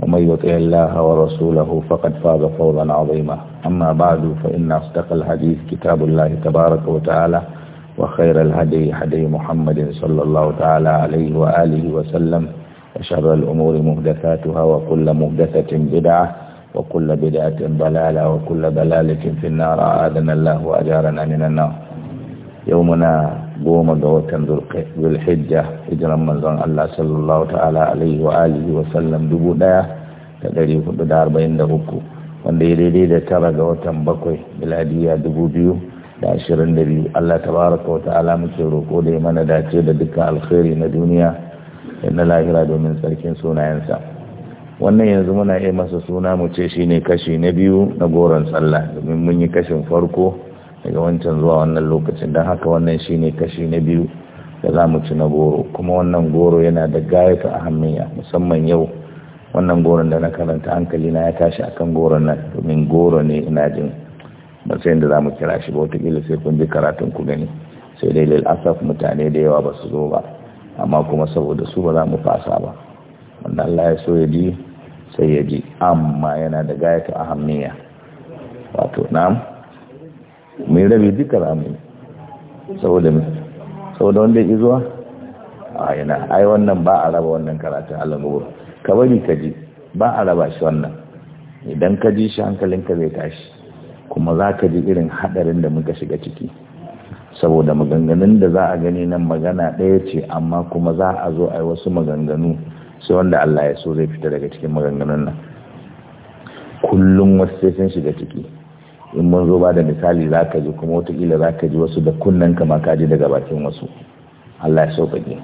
ومن يطع الله ورسوله فقد فاز فوزا عظيما أما بعد فإن أصدق الحديث كتاب الله تبارك وتعالى وخير الهدي هدي محمد صلى الله تعالى عليه وآله وسلم وشر الأمور مهدثاتها وكل مهدثة بدعة وكل بدعة ضلالة وكل ضلالة في النار أعاذنا الله وأجارنا من النار يومنا goma ga watan zulhijja hijiran manzon Allah sallallahu ta'ala alaihi wa alihi wa sallam dubu daya da dari hudu da arba'in da uku wanda ya daidai da tara ga watan bakwai miladiya dubu biyu da ashirin da biyu Allah tabaraka wa ta'ala muke roƙo da ya mana dace da dukkan alkhairi na duniya da na lahira domin sarkin sunayensa wannan yanzu muna iya masa suna mu ce shine kashi na biyu na goron sallah domin mun yi kashin farko daga wancan zuwa wannan lokacin don haka wannan shi ne kashi na biyu da za mu ci na goro kuma wannan goro yana da gayata a hamiya musamman yau wannan goron da na karanta hankali na ya tashi akan goron nan domin goro ne ina jin matsayin da za mu kira shi ba watakila sai kun ji karatun ku gani sai dai lil'asaf mutane da yawa ba su zo ba amma kuma saboda su ba za mu fasa ba wanda Allah ya so ya ji sai ya ji amma yana da gayata a hamiya wato na'am mai rabi duka za mu saboda mai saboda wanda ya zuwa a yana ai wannan ba a raba wannan karatun alamuru ka bari ka ji ba a raba shi wannan idan ka ji shi hankalinka zai tashi kuma za ka ji irin hadarin da muka shiga ciki saboda maganganun da za a gani nan magana ɗaya ce amma kuma za a zo a yi wasu maganganu sai wanda Allah ya so zai fita daga cikin maganganun nan kullum wasu sai sun shiga ciki in mun zo ba da misali za ka ji kuma watakila za ka ji wasu da kunnen kama ka ji daga bakin wasu Allah ya sauƙaƙe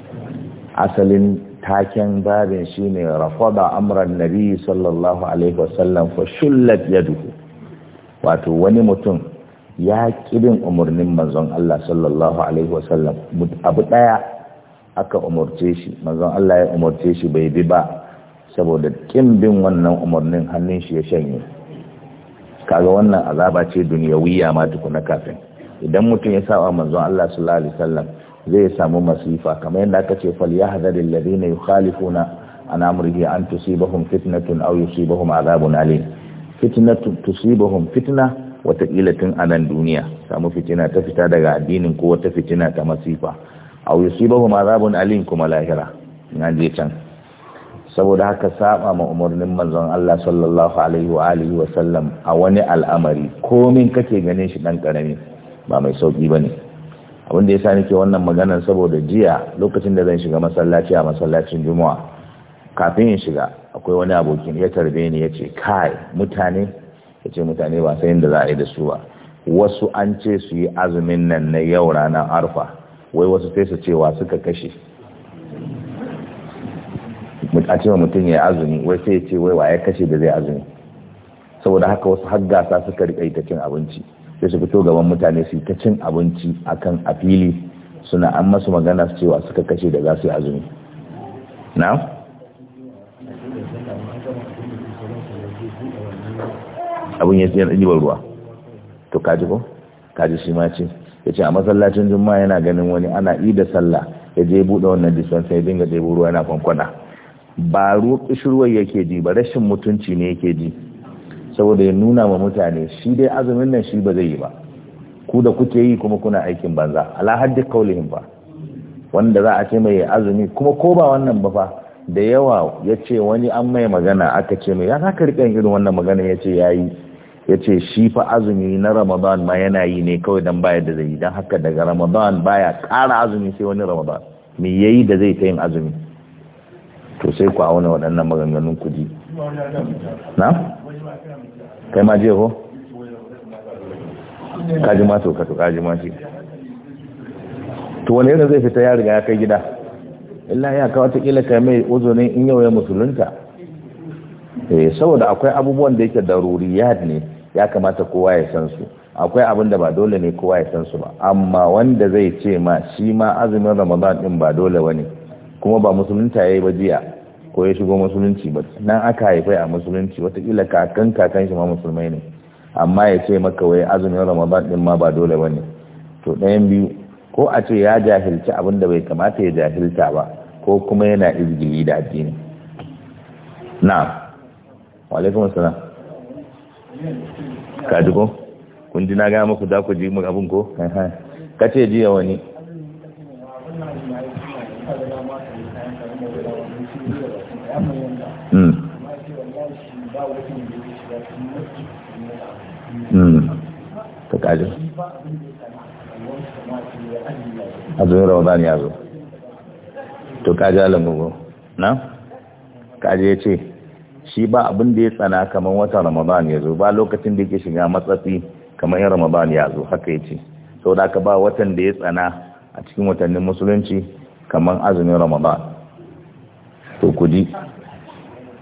asalin taken babin shi ne rafada amuran nabi sallallahu alaihi wasallam fa shullat duhu wato wani mutum ya ƙirin umarnin manzon Allah sallallahu alaihi wasallam abu ɗaya aka umarce shi manzon Allah ya umarce shi bai bi ba saboda ƙin bin wannan umarnin hannun shi ya shanye kaga wannan azaba ce duniyawiya ma tukuna kafin idan mutum ya sawa manzon Allah sallallahu alaihi wasallam zai samu masifa kamar yadda aka ce fal yahzaril ladina yukhalifuna an amrihi an tusibahum fitnatun aw yusibahum azabun alim fitnatun tusibahum fitna watakila tun anan duniya samu fitina ta fita daga addinin ko wata fitina ta masifa aw yusibahum azabun alim kuma lahira na je can saboda haka saba ma umarnin manzon Allah sallallahu alaihi wa alihi wa sallam a wani al'amari komin kake ganin shi dan karami ba mai sauki bane abin da yasa nake wannan magana saboda jiya lokacin da zan shiga masallaci a masallacin Juma'a kafin in shiga akwai wani abokin ya tarbe ni yace kai mutane yace mutane ba sai inda za a yi da su ba wasu an ce su yi azumin nan na yau ranar arfa wai wasu sai su cewa suka kashe a cewa mutum ya azumi wai sai ya ce wai waye kashe da zai azumi saboda haka wasu har gasa suka rika ita cin abinci sai su fito gaban mutane su ta cin abinci akan a fili suna an masu magana su cewa suka kashe da za su yi azumi na abin ya tsaye ɗibar ruwa to kaji ko kaji shi ma ce ya ce a masallacin juma'a yana ganin wani ana ida sallah ya je buɗe wannan dispensary ya dinga ɗebo ruwa yana kwankwana ba shirwai yake ji ba rashin mutunci ne yake ji saboda ya nuna ma mutane shi dai azumin nan shi ba zai yi ba ku da kuke yi kuma kuna aikin banza ala haddi kaulihim ba wanda za a ce mai azumi kuma ko ba wannan ba fa da yawa ya ce wani an mai magana aka ce mai ya ka rikan irin wannan magana ya ce ya yi ya ce shi fa azumi na ramadan ma yana yi ne kawai don baya da zai yi don haka daga ramadan baya ƙara azumi sai wani ramadan me yayi da zai ta yin azumi to sai ku auna waɗannan maganganun kuɗi na? kai ma je kaji ma to kaji ma shi to wani yana zai fita ya riga ya kai gida illa ya kawo ta kila kai mai uzunin in yau ya musulunta eh saboda akwai abubuwan da yake ya ne ya kamata kowa ya san su akwai abin da ba dole ne kowa ya san su ba amma wanda zai ce ma shi ma azumin ramadan din ba dole bane kuma ba musulunta ya yi ba jiya ko ya shigo musulunci ba nan aka haifai a musulunci watakila kakan kakan shi ma musulmai ne amma ya ce maka wai azumin ramadan din ma ba dole bane to ɗayan biyu ko a ce ya jahilci abin da bai kamata ya jahilta ba ko kuma yana izgili da addini na wa alaikum assalam ka ji ko kun ji na ga muku da ku ji mu abin ko kace jiya wani ta kaji azumin ya ce shi ba abin da ya tsana kamar wata ramadan ya zo ba lokacin da yake shiga matsatsi kamar yin ramadan ya zo haka ya ce sau da aka ba watan da ya tsana a cikin watannin musulunci kamar azumin ramadan to ku ji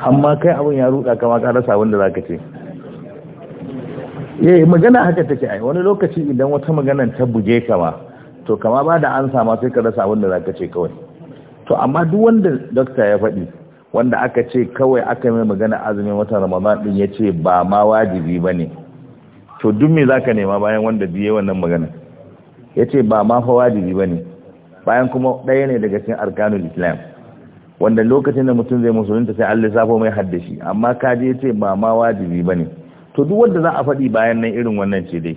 amma kai abin ya ruɗa kama ka sabon wanda za ka ce yayi eh, magana haka take ai wani lokaci idan wata magana ta buge ka ma, to kama ba da an sama sai ka rasa wanda za ka ce kawai to amma duk wanda dokta ya faɗi wanda aka ce kawai aka mai magana azumin wata ramadan din ya ce ba ma wajibi ba ne to duk me za ka nema bayan wanda biye wannan magana ya ce ba ma fa wajibi ba ne bayan kuma ɗaya ne daga cikin arkanul islam wanda lokacin da mutum zai musulunta sai Allah safo mai haddashi amma ka je ce ba ma wajibi ba to duk wanda za a faɗi bayan nan irin wannan ce dai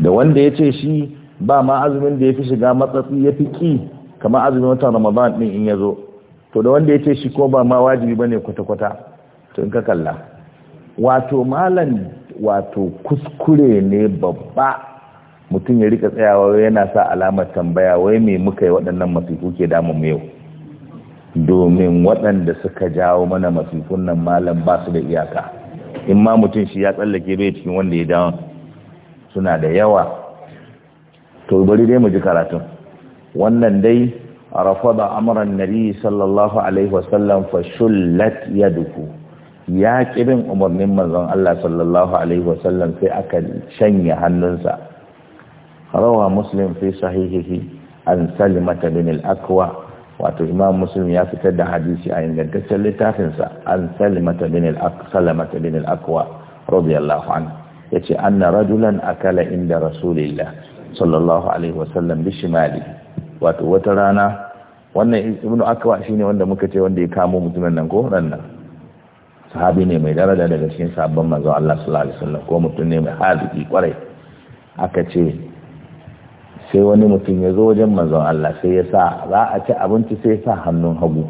da wanda ya ce shi ba ma azumin da ya fi shiga matsatsi ya fi ki kamar azumin watan ramadan ɗin in ya zo to da wanda ya ce shi ko ba ma wajibi ba ne kwata-kwata to in ka kalla wato malam wato kuskure ne babba mutum ya rika tsayawa yana sa alamar tambaya wai me muka yi waɗannan masifu ke damun mu yau domin waɗanda suka jawo mana masifun nan malam ba su da iyaka in ma mutum shi ya tsallake bai cikin wanda ya dawon suna da yawa to bari dai mu ji karatun wannan dai rafada amuran nabi sallallahu alaihi wasallam fa ya duku ya kirin umarnin manzon Allah sallallahu alaihi wasallam sai aka shanya hannunsa rawa muslim fi sahihihi an salimata bin al-akwa wato imam muslim ya fitar da hadisi a ingantaccen littafinsa an salimata bin al-salamata bin al-aqwa radiyallahu anhu yace anna rajulan inda rasulillah sallallahu alaihi wasallam bi shimali wato wata rana wannan ibn shi ne wanda muka ce wanda ya kamo mutumin nan ko nan sahabi ne mai daraja daga cikin sabon manzo Allah sallallahu alaihi wasallam ko mutum ne mai hadisi kwarai aka ce sai wani mutum ya zo wajen manzon Allah sai ya sa za a ci abinci sai ya sa hannun hagu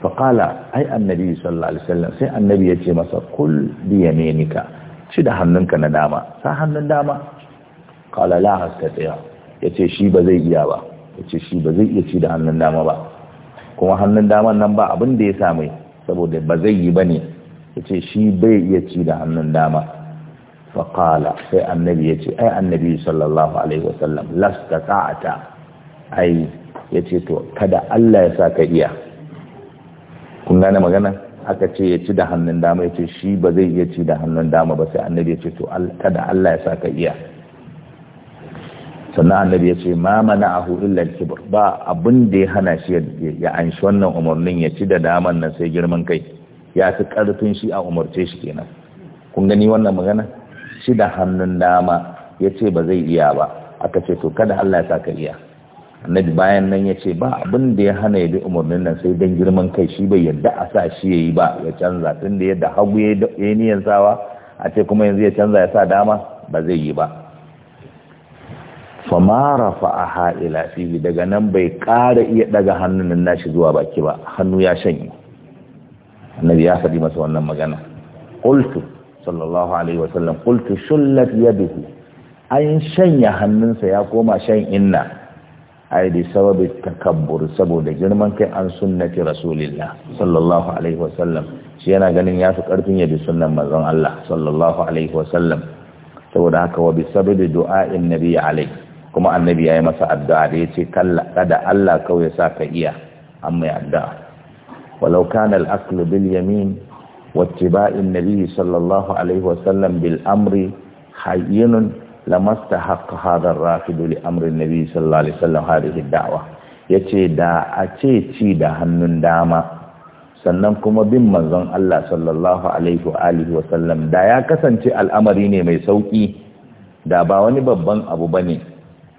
faƙala ai annabi sallallahu alaihi wasallam sai annabi ya ce masa kul bi yaminika ci da hannunka na dama sa hannun dama qala la hastati'a yace shi ba zai iya ba yace shi ba zai iya ci da hannun dama ba kuma hannun daman nan ba abin da ya same saboda ba zai yi bane yace shi bai iya ci da hannun dama faƙala sai annabi ya ce ai annabi sallallahu alaihi wasallam lasta ta'ata ai ya ce to kada Allah ya sa ka iya kun gane magana aka ce ya ci da hannun dama ya ce shi ba zai iya ci da hannun dama ba sai annabi ya ce to kada Allah ya sa ka iya sannan annabi ya ce ma mana'ahu illa al-kibr ba abin da ya hana shi ya anshi wannan umarnin ya ci da daman nan sai girman kai ya fi karfin shi a umarce shi kenan kun gani wannan magana shi da hannun dama ya ce ba zai iya ba aka ce to kada Allah ya sa ka iya annabi bayan nan ya ce ba abin da ya hana ya bi umarnin nan sai dan girman kai shi bai yadda a sa shi yayi ba ya canza tun da yadda hagu ya yi niyan sawa a ce kuma yanzu ya canza ya sa dama ba zai yi ba famara a ila fihi daga nan bai ƙara iya daga hannun nan nashi zuwa baki ba hannu ya shanye annabi ya faɗi masa wannan magana qultu sallallahu alaihi wasallam qultu shullat yaduhu an shanya hannunsa ya koma shan inna ai da sababi takabbur saboda girman kai an sunnati rasulillah sallallahu alaihi wasallam shi yana ganin ya fi karfin yabi sunnan manzon Allah sallallahu alaihi wasallam saboda haka wa bi sababi du'a'in nabi alaihi kuma annabi ya yi masa addu'a da ya ce kada Allah kawai sa ka iya an mai addu'a walau kana al-aklu bil yamin واتباع النبي صلى الله عليه وسلم بالأمر حين لما استحق هذا الرافد لأمر النبي صلى الله عليه وسلم هذه الدعوة yace da a ce ci da hannun dama sannan kuma bin manzon Allah sallallahu alaihi wa alihi wa sallam da ya kasance al'amari ne mai sauki da ba wani babban abu bane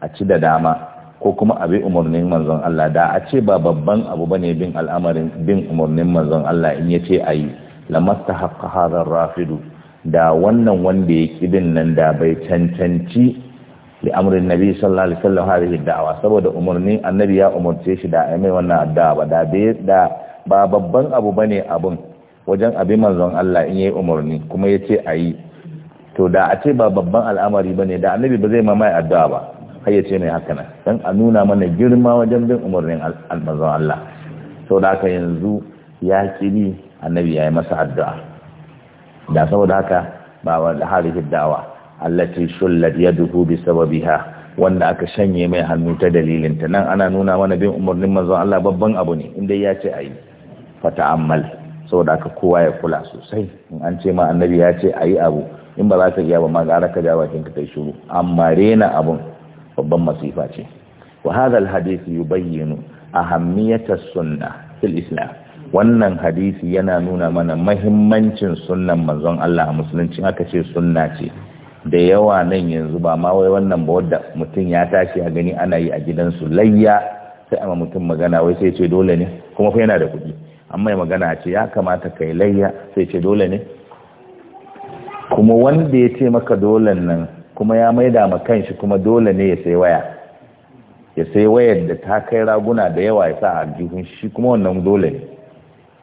a ci da dama ko kuma abi umarnin manzon Allah da a ce ba babban abu bane bin al'amarin bin umarnin manzon Allah in yace ayi Lamasta hadha ar-rafidu da wannan wanda ya kidin nan da bai cancanci li amrin nabi sallallahu alaihi wasallam hadhihi da'wa saboda umarnin annabi ya umarce shi da mai wannan addu'a ba da ba babban abu bane abun wajen abin manzon Allah in yayi umarni kuma yace ayi to da a ce ba babban al'amari bane da annabi ba zai mamaye addu'a ba har ya ce mai haka nan dan a nuna mana girma wajen bin umarnin manzon Allah to da haka yanzu ya kiri annabi ya yi masa addu'a da saboda haka ba wa harifin dawa allati shullat yaduhu bi sababiha wanda aka shanye mai hannu ta dalilinta nan ana nuna mana bin umarnin manzon Allah babban abu ne inda ya ce ayi Fa fata'ammal saboda haka kowa ya kula sosai in an ce ma annabi ya ce ayi abu in ba za ka iya ba ma gara ka ja bakin ka kai shiru amma rena abun babban masifa ce wa hadha alhadith yubayyinu ahammiyata sunnah fil islam wannan hadisi yana nuna mana mahimmancin sunnan manzon Allah a musulunci aka ce sunna ce da yawa nan yanzu ba ma wai wannan ba wadda mutum ya tashi a gani ana yi a gidansu layya sai ama mutum magana wai sai ce dole ne kuma fa yana da kuɗi amma magana ce ya kamata kai layya sai ce dole ne kuma wanda ya ce maka dole nan kuma ya maida ma kanshi kuma dole ne ya sai waya ya sai wayar da ta kai raguna da yawa ya sa a jihun shi kuma wannan dole ne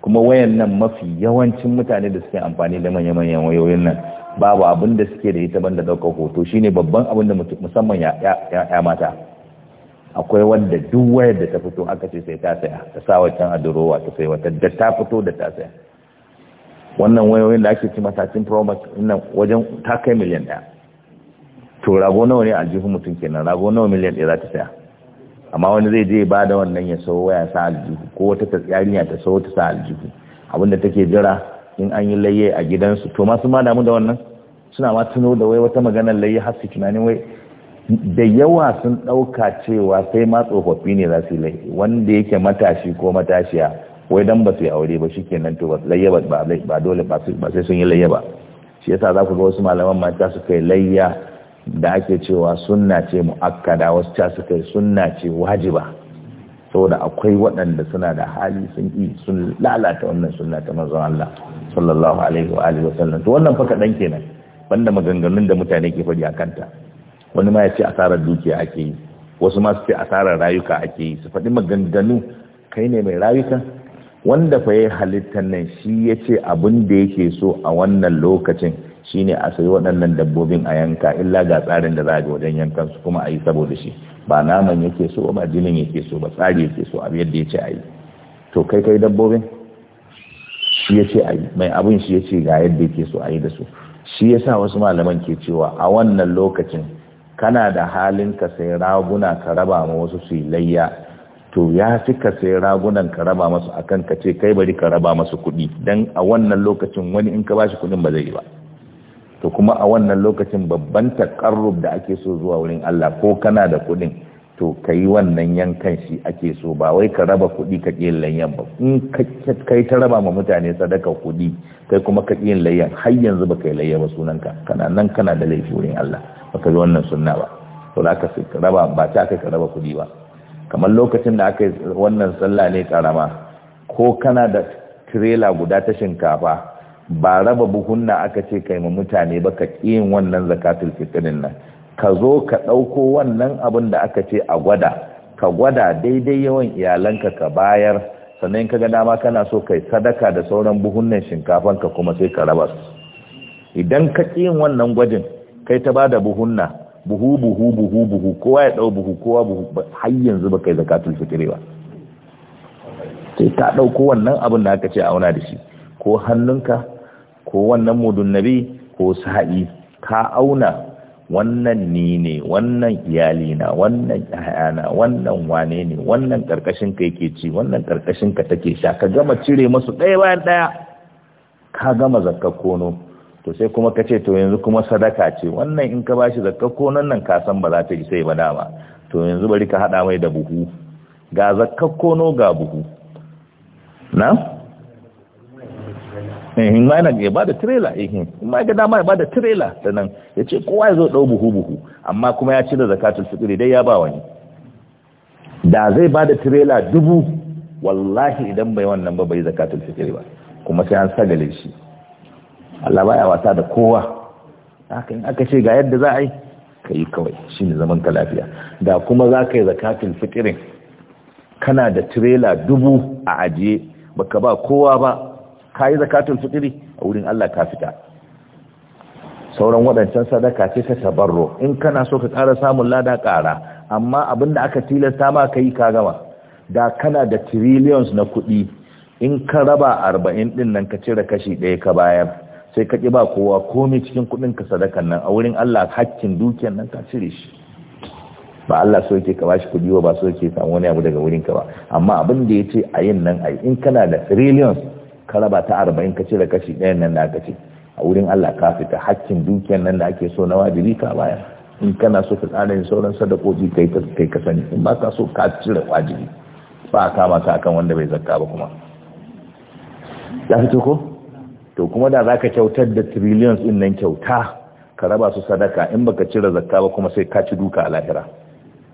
kuma wayan nan mafi yawancin mutane da suke amfani da manya-manyan wayoyin nan babu abin da suke da ita banda daukar hoto shine babban abin da musamman ya mata akwai wanda duk wayar da ta fito aka ce sai ta saya ta sa wancan a durowa ta sai wata da ta fito da ta saya wannan wayoyin da ake ci matacin promax nan wajen ta kai miliyan daya to rago nawa ne a jihun mutum kenan rago nawa miliyan daya za ta saya amma wani zai je ba da wannan ya sau waya sa aljihu ko wata ta ta sau ta sa aljihu abinda take jira in an yi laye a gidansu to masu ma damu da wannan suna ma tuno da wai wata maganar laye har tunanin wai da yawa sun ɗauka cewa sai ma tsofaffi ne za su yi laye wanda yake matashi ko matashiya wai dan ba su yi aure ba shikenan to ba laye ba ba dole ba sai sun yi laye ba shi yasa za ku ga wasu malaman mata suka yi layya da ake cewa sunna ce mu'akkada wasu ta suka yi sunna ce wajiba saboda akwai waɗanda suna da hali sun yi sun lalata wannan sunna ta manzon Allah sallallahu alaihi wa alihi wasallam to wannan fa kaɗan kenan banda maganganun da mutane ke faɗi a kanta wani ma ya ce asarar dukiya ake yi wasu ma su ce asarar rayuka ake yi su faɗi maganganu kai ne mai rayuka wanda fa ya halittar nan shi ya ce abin da yake so a wannan lokacin shine a sayi waɗannan dabbobin a yanka illa ga tsarin da za a wajen yankan su kuma a yi saboda shi ba naman yake so ba jinin yake so ba tsari yake so abu yadda ya ce a yi to kai kai dabbobin shi ya ce a yi mai abin shi ya ce ga yadda yake so a yi da su shi ya sa wasu malaman ke cewa a wannan lokacin kana da halin ka sai raguna ka raba ma wasu su layya to ya fi ka sai ragunan ka raba masu akan ka ce kai bari ka raba masu kuɗi don a wannan lokacin wani in ka ba shi kuɗin ba zai yi ba to kuma a wannan lokacin babban takarrub da ake so zuwa wurin Allah ko kana da kuɗin to ka yi wannan yankan shi ake so ba wai ka raba kuɗi ka ƙin layyan ba in kai ta raba ma mutane sadaka kuɗi kai kuma ka ƙin layyan har yanzu ba kai layya ba sunanka kana nan kana da laifi wurin Allah ba ka yi wannan sunna ba to za ka raba ba ta kai ka raba kuɗi ba kamar lokacin da aka yi wannan sallah ne karama ko kana da tirela guda ta shinkafa ba raba buhunna aka ce kai ma mutane ba ka yin wannan zakatul fitrin nan ka zo ka ɗauko wannan abin da aka ce a gwada ka gwada daidai yawan iyalanka ka bayar sannan ka ga dama kana so kai sadaka da sauran buhunnan shinkafan ka kuma sai ka raba su idan ka yin wannan gwajin kai ta bada buhunna buhu buhu buhu buhu kowa ya ɗau buhu kowa buhu har yanzu ba kai zakatul fitri ba sai ta ɗauko wannan abin da aka ce a auna da shi ko hannunka ko wannan mudun nabi ko sa'i ka auna wannan ni ne wannan iyalina wannan ƴaƴana wannan wane ne wannan karkashin ka yake ci wannan karkashin ka take sha ka gama cire masu ɗaya bayan ɗaya ka gama zakkar kono to sai kuma ka ce to yanzu kuma sadaka ce wannan in ka bashi shi konon nan ka san ba za ta isa sai ba to yanzu bari ka haɗa mai da buhu ga zakkakono ga buhu na Eh, in ma yana ya bada tirela eh, eh. in ma ga dama ya bada tirela sanan ya ce kowa ya zo ɗau buhu buhu amma kuma ya cire zakatul fitri dai ya ba wani da zai bada tirela dubu wallahi idan bai wannan ba bai zakatul fitri ba kuma sai an sagale shi Allah baya wasa da kowa haka in aka ce ga yadda za a yi ka yi kawai shine zaman ka lafiya da kuma za ka yi zakatul fikirin kana da tirela dubu a ajiye baka ba kowa ba ka yi zakatun fitiri a wurin Allah ka fita sauran waɗancan sadaka ce ta tabarro in kana so ka ƙara samun lada ƙara amma abin da aka tilasta ma ka yi ka gama da kana da trillions na kuɗi in ka raba arba'in ɗin nan ka cire kashi ɗaya ka bayar sai ka ƙi ba kowa komai cikin kuɗin ka sadakan nan a wurin Allah hakkin dukiyan nan ka cire shi ba Allah so yake ka shi kuɗi ba so yake samu wani abu daga wurin ka ba amma abin da ya ce a yin nan a in kana da trillions ka raba ta arba'in ka cire kashi ɗayan nan da aka ce a wurin Allah ka fita hakkin dukiyar nan da ake so na wajibi ka baya in kana so ka tsara yin sauran sadakoji kai kai ka sani in ba ka so ka cire wajibi ba a kama ta akan wanda bai zakka ba kuma ya fito ko to kuma da zaka kyautar da trillions din nan kyauta ka raba su sadaka in baka cire zakka ba kuma sai ka ci duka a lahira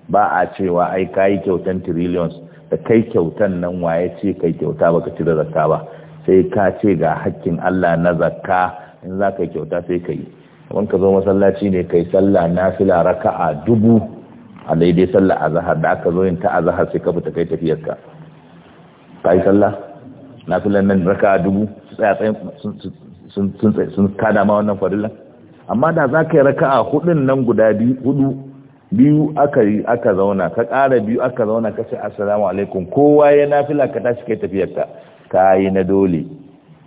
ba a cewa ai kayi kyautan trillions da kai kyautan nan waye ce kai kyauta baka cire zakka ba sai ka ce ga hakkin Allah na zakka in za ka yi kyauta sai ka yi wani ka zo masallaci ne kai sallah na fila raka'a dubu a daidai sallah a zahar da aka zo yin ta a zahar sai ka fita kai tafiyarka ka yi sallah na fila nan raka'a dubu su tsaya tsayin sun kada ma wannan farilla amma da za ka yi raka'a hudun nan guda hudu biyu aka yi aka zauna ka ƙara biyu aka zauna ka ce assalamu alaikum kowa ya nafila ka tashi kai tafiyarka ka yi na dole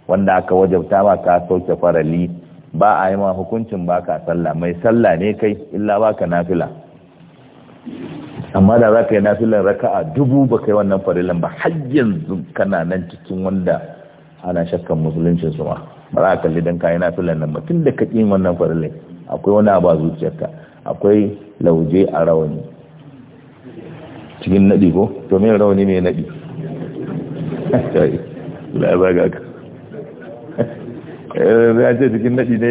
wanda aka wajabta ma ka sauke farali ba a yi ma hukuncin ba ka sallah mai sallah ne kai illa ba ka nafila amma da za ka yi nafilan a dubu ba kai wannan farilan ba har yanzu kana nan cikin wanda ana shakkan musuluncin su ma ba za ka kalli don ka yi nafilan nan ba tun da ka ƙin wannan farilan akwai wani abu a zuciyarka akwai lauje a rawani cikin naɗi ko domin rawani rauni ne naɗi sula ya zaga yanzu ya eh, ce cikin naɗi na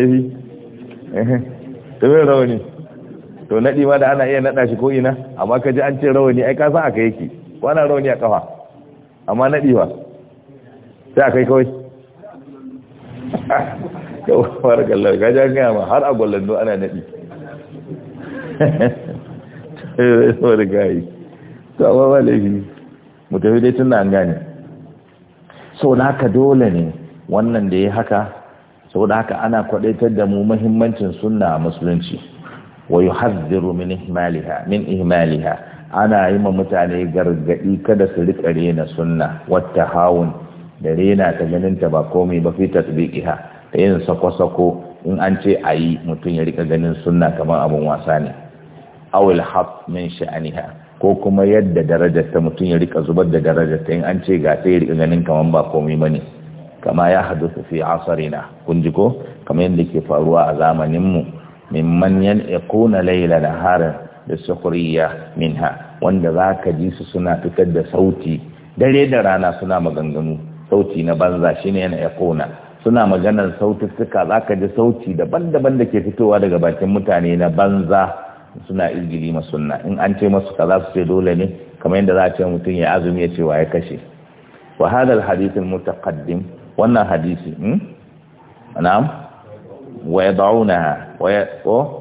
yafi ta mai rawani to naɗi ma da ana iya naɗa shi ko ina amma ka ji an ce rauni. ai ka san aka yake wana rauni a kafa amma naɗi ba sai a kai kawai yawon fara kallar gaji an gaya ma har a gwallando ana naɗi ta yi rai sau da gayi to amma ba laifi mu tafi dai tun na an gane sau da haka dole ne wannan da ya haka sau da haka ana kwadaitar da mu mahimmancin sunna a musulunci wa yuhazziru min ihmaliha min ihmaliha ana yi ma mutane gargadi kada su rika rena sunna wata hawun da rena ta ganinta ba komai ba fi ha ta yin sako-sako in an ce a yi mutum ya rika ganin sunna kamar abin wasa ne awil haf min sha'aniha ko kuma yadda darajarta mutum ya rika zubar da darajarta in an ce ga sai rika ganin kamar ba komai ba ne. kama ya su fi asari kun ji ko Kama yadda ke faruwa a zamanin mu mimman yan laila na hara da min minha wanda za ka ji su suna fitar da sauti dare da rana suna maganganu sauti na banza shine yana yakuna suna maganar sautuka ka ji sauti daban-daban da ke fitowa daga bakin mutane na banza suna izgili ma sunna in an ce masu kaza su ce dole ne kamar yadda za a ce mutum ya azumi ya ce wa ya kashe wa hadal hadithul mutaqaddim wannan hadisi hmm? na'am wa yad'una wa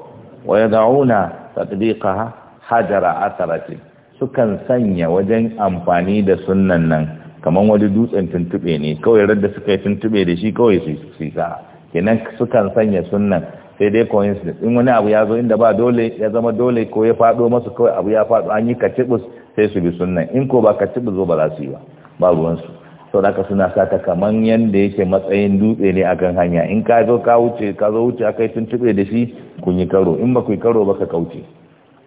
wa yad'una tatbiqaha hajara atharati sukan sanya wajen amfani da sunnan nan kamar wani dutsen tuntube ne kawai radda suka yi tuntube da shi kawai su yi kenan sukan sanya sunnan sai dai coincidence in wani abu ya zo inda ba dole ya zama dole ko ya faɗo masu kawai abu ya faɗo an yi kacibus sai su bi sunan in ko ba kacibus zo ba za su yi ba ba wansu. sau da suna sata kaman yadda yake matsayin dutse ne akan hanya in ka zo ka wuce ka zo wuce aka yi tuntube da shi kun yi karo in ba ku yi karo ba ka kauce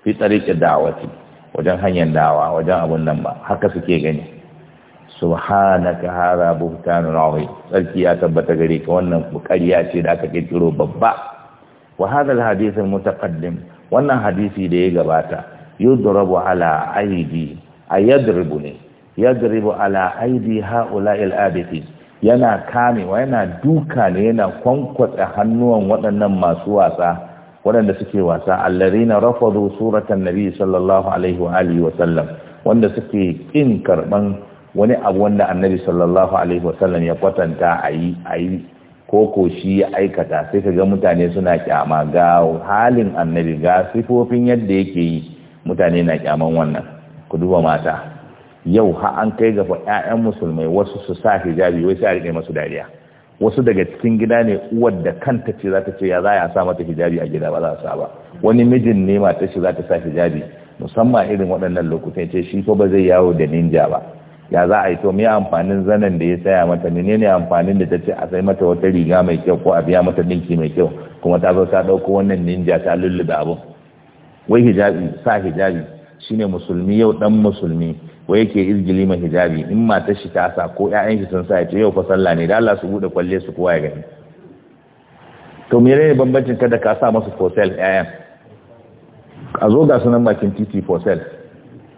fi tsarike dawaci wajen hanyar dawa wajen abun nan ba haka suke gani subhanaka hara buhtanun azim sarki ya tabbata gare ka wannan bukariya ce da aka kirkiro babba wa hadal hadith wannan hadisi da ya gabata yudrabu ala aidi ayadribu ne yadribu ala aidi haula'il abithi yana kamewa yana duka ne yana kwankwatsa hannuwan waɗannan masu wasa waɗanda suke wasa allarina rafadu suratan nabi sallallahu alaihi wa alihi wa sallam wanda suke kin karban wani abu wanda annabi sallallahu alaihi wa sallam ya kwatanta ayi ayi ko ko shi ya aikata sai ka ga mutane suna kyama ga halin annabi ga sifofin yadda yake yi mutane na kyaman wannan ku duba mata yau ha an kai ga ƴaƴan musulmai wasu su sa hijabi wai sai a rike masu dariya wasu daga cikin gida ne uwar da kanta ce za ta ce ya za a sa mata hijabi a gida ba za su sa ba wani mijin ne mata shi za ta sa hijabi musamman irin waɗannan lokutan ce shi ko ba zai yawo da ninja ba ya za a yi to mai amfanin zanen da ya saya mata ne amfanin da ta ce a sai mata wata riga mai kyau ko a biya mata dinki mai kyau kuma ta zo ta dauko wannan ninja ta lullube abun wai hijabi sa hijabi shine musulmi yau dan musulmi wai yake izgili ma hijabi in mata shi ta sa ko ya'yan shi sun sa ya yau fa sallah ne da Allah su bude kwalle su kowa ya gani to menene bambancin kada ka sa masu for sale ƴaƴan a zo ga sunan bakin titi for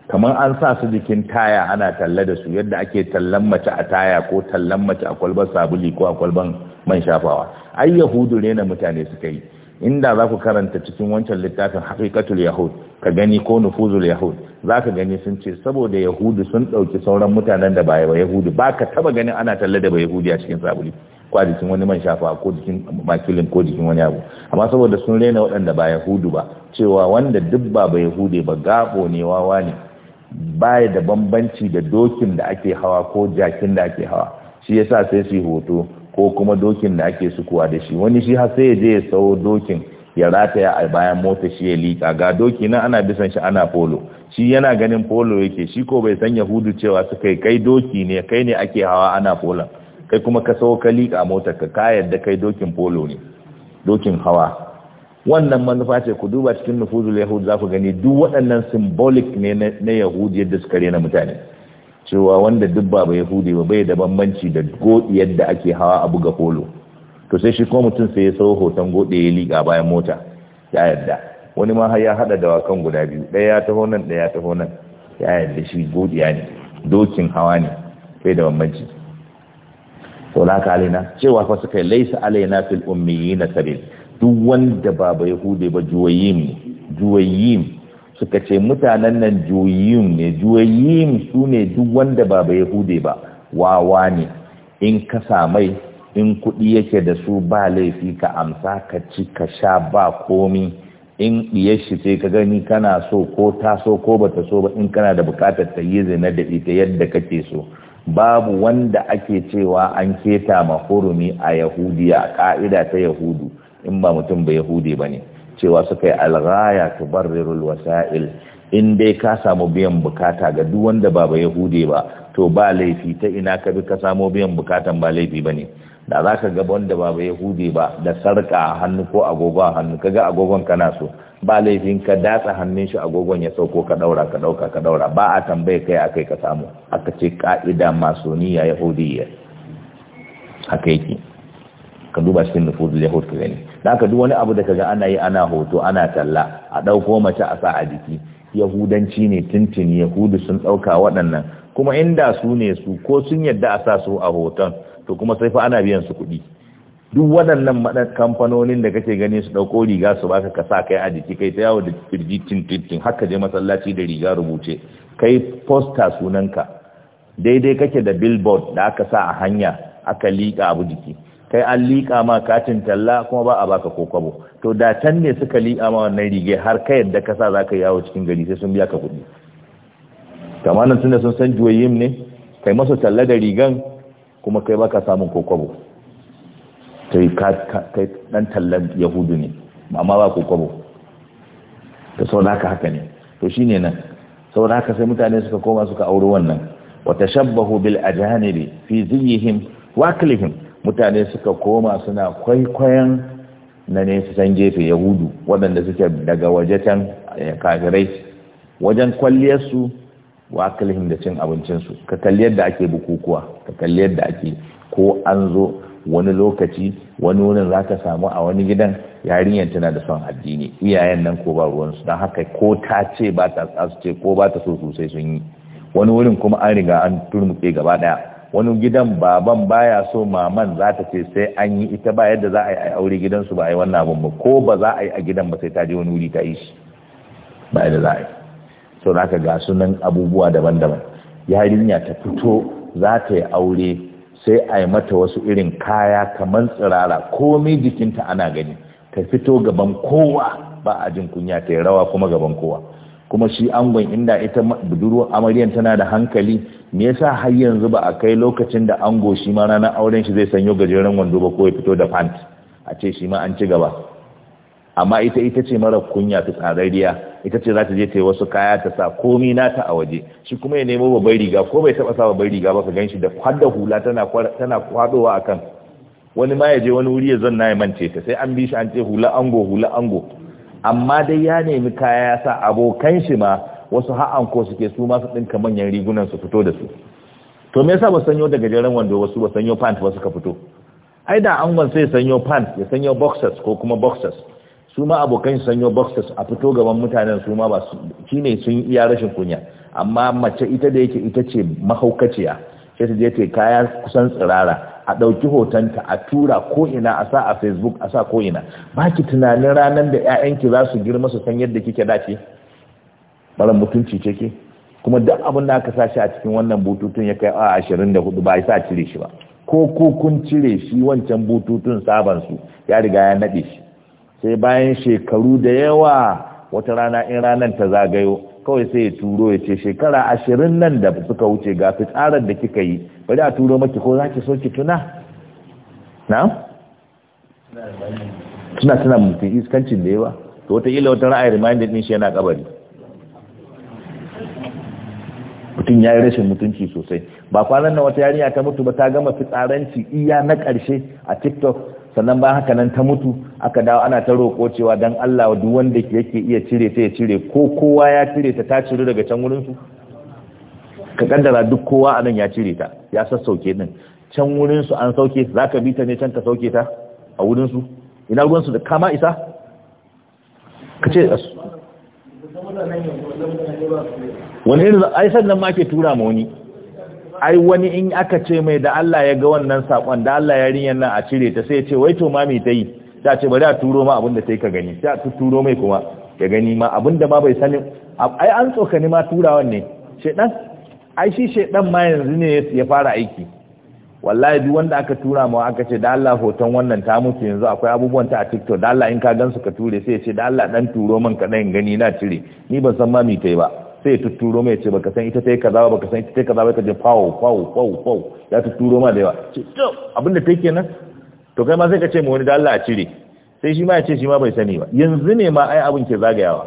kamar an sa su jikin taya ana talla da su yadda ake tallan mace a taya ko tallan mace a kwalban sabuli ko a kwalban man shafawa ai yahudu ne na mutane suka yi inda za ku karanta cikin wancan littafin haƙiƙatul yahud ka gani ko nufuzul yahud za ka gani sun ce saboda yahudu sun ɗauki sauran mutanen da baya ba yahudu ba ka taba ganin ana talla da ba yahudi a cikin sabuli ko a jikin wani man shafawa ko jikin makilin ko jikin wani abu amma saboda sun rena waɗanda ba yahudu ba cewa wanda duk ba ba yahudi ba gaɓo ne wawa ne baya da bambanci da dokin da ake hawa ko jakin da ake hawa shi ya sa sai su hoto ko kuma dokin da ake sukuwa da shi wani shi har sai ya je ya sayo dokin ya rataya a bayan mota shi ya liƙa ga doki nan ana bisan shi ana polo shi yana ganin polo yake shi ko bai san yahudu cewa su kai kai doki ne kai ne ake hawa ana polon kai kuma ka sau ka liƙa motar ka ka yadda kai dokin polo ne dokin hawa wannan manufa ce ku duba cikin nufuzul yahud za ku gani duk waɗannan symbolic ne na yahudi yadda suka rena mutane cewa wanda duk ba yahudi ba bai da bambanci da goɗi yadda ake hawa a buga kolo to sai shi ko mutum sai ya sayo hoton goɗe ya liƙa bayan mota ya yadda wani ma har ya hada dawakan guda biyu ɗaya ya taho nan ɗaya ya taho nan ya yadda shi godiya ne dokin hawa ne bai da bambanci to na alaina cewa fa suka laisa alaina fil ummiyina sabil duk wanda ba ba yahude ba juwayim juwayim suka ce mutanen nan juwayim ne juwayim su ne duk wanda ba ba yahude ba wawa ne in ka samai in kuɗi yake da su ba laifi ka amsa ka ci ka sha ba komi in iya shi sai ka gani kana so ko ta so ko bata so ba in kana da bukatar ta yi zina da ita yadda kake so babu wanda ake cewa an keta ma hurumi a yahudiya ka'ida ta yahudu in ba mutum bai yahudi ba ne cewa suka yi alghaya tubarrirul wasa'il in dai ka samu biyan bukata ga duk wanda ba ba yahudi ba to ba laifi ta ina ka bi ka samu biyan bukatan ba laifi ba ne da za ka gaba wanda ba ba yahudi ba da sarka a hannu ko agogo a hannu kaga agogon kana so ba laifin ka datsa hannun shi agogon ya sauko ka daura ka dauka ka daura ba a tambaye kai akai ka samu aka ce ka'ida masoniya yahudiyya haka yake ka duba cikin nufudul yahud ka gani da haka duk wani abu da kaga ana yi ana hoto ana talla a ɗauko mace a sa a jiki yahudanci ne tuntuni yahudu sun ɗauka waɗannan kuma inda su ne su ko sun yadda a sa su a hoton to kuma sai fa ana biyan su kuɗi duk waɗannan maɗan kamfanonin da kake gani su ɗauko riga su baka ka sa kai a jiki kai ta yawo da firji tintintin haka je masallaci da riga rubuce kai posta sunanka daidai kake da billboard da aka sa a hanya aka liƙa abu jiki kai an liƙa ma katin talla kuma ba a baka ko to da can ne suka liƙa ma wannan rige har ka yadda ka sa za ka yawo cikin gari sai sun biya ka kuɗi kamanin tunda sun san juwayin ne kai masa talla da rigan kuma kai baka samun ko kwabo kai dan tallan yahudu ne amma ba ko kwabo to sau da haka haka ne to shine nan sau da haka sai mutane suka koma suka auri wannan wa tashabbahu bil ajanibi fi ziyihim wa aklihim mutane suka koma suna kwaikwayon na nesa san gefe yahudu waɗanda suke daga waje wajetan eh, kafirai wajen kwalliyarsu wa akalihim da cin abincinsu ka kalli yadda ake bukukuwa ka kalli yadda ake ko an zo wani lokaci wani wurin za ka samu a wani gidan yarinyar tana da son addini iyayen nan ko ba ruwansu don haka ko ta ce ba ta ce ko ba ta so sosai sun yi wani wurin kuma an riga an turmuke gaba daya wani gidan baban baya so maman za ta ce sai an yi ita ba yadda za a yi aure gidansu ba a yi wannan abin ba ko ba za a yi a gidan ba sai ta je wani wuri ta yi shi ba yadda za a yi so na ka ga sunan abubuwa daban-daban yarinya ta fito za ta yi aure sai a yi mata wasu irin kaya kamar tsirara komai jikinta ana gani ta fito gaban kowa ba a jin kunya ta yi rawa kuma gaban kowa kuma shi angon inda ita budurwar amaryan tana da hankali me yasa har yanzu ba a kai lokacin da ango shi ma ranar auren shi zai sanyo gajeren wando ba ko ya fito da pant a ce shi ma an ci gaba amma ita ita ce mara kunya ta tsarariya ita ce za ta je ta yi wasu kaya ta sa komi na ta a waje shi kuma ya nemo babbar riga ko bai taba sa babbar riga ba ka ganshi da kwadda hula tana kwadowa a kan wani ma ya je wani wuri ya zanna ya mance ta sai an bi shi an ce hula ango hula ango amma dai ya nemi kaya ya sa abokan shi ma wasu ha'anko suke su ma su dinka manyan rigunan su fito da su to me yasa ba sanyo daga jiran wando wasu ba sanyo pant ba suka fito ai da angon sai sanyo pant ya sanyo boxers ko kuma boxers su ma abokan shi sanyo boxers a fito gaban mutanen su ma ba su kine sun iya rashin kunya amma mace ita da yake ita ce mahaukaciya sai ta je ta kaya kusan tsirara a ɗauki hotonta a tura ko ina a sa a facebook a sa ko ina ba ki tunanin ranar da 'ya'yanki za su girma su san yadda kike dace mara mutunci ce ke kuma duk abin da aka shi a cikin wannan bututun ya kai a ashirin da hudu ba a sa cire shi ba ko ko kun cire shi wancan bututun sabon su ya riga ya naɗe shi sai bayan shekaru da yawa wata rana in ranar ta zagayo kawai sai ya turo ya ce shekara ashirin nan da suka wuce ga fitsarar da kika yi bari a turo maki ko za ki so ki tuna na? suna tuna mutum iskancin da yawa to ila wata ra'ayi reminded ne shi yana kabari mutum ya yi rashin mutunci sosai ba kwanan nan wata yarinya ta mutu ba ta gama fitsaranci iya na karshe a tiktok sannan ba haka nan ta mutu aka dawo ana ta roƙo cewa don allah duk wanda yake iya cire ta ya cire ko kowa ya cire ta ta cire daga can wurinsu ka kaddara duk kowa anan ya cire ta ya sassauke din can wurin su an sauke Za ka bi ta ne can ka sauke ta a wurin su ina ruwansu su da kama isa ka ce wani irin ai sannan ma ke tura ma wani ai wani in aka ce mai da Allah ya ga wannan sakon da Allah ya riyan nan a cire ta sai ya ce wai to mami ta yi ta ce bari a turo ma abinda ta yi ka gani ta turo mai kuma ya gani ma abinda ma bai sani ai an tsokani ma turawan ne shedan ai shi shaidan ma yanzu ne ya fara aiki wallahi duk wanda aka tura ma aka ce da Allah hoton wannan ta mutu yanzu akwai abubuwan ta a TikTok da Allah in ka gan su ka ture sai ya ce da Allah dan turo man ka dan gani na cire ni ban san ma mi kai ba sai ya tutturo mai ce baka san ita ta yi kaza ba baka san ita ta yi kaza ba ka je fawo fawo fawo fawo ya tutturo ma da yawa to abin abinda ta kenan to kai ma sai ka ce mu wani da Allah a cire sai shi ma ya ce shi ma bai sani ba yanzu ne ma ai abin ke zagayawa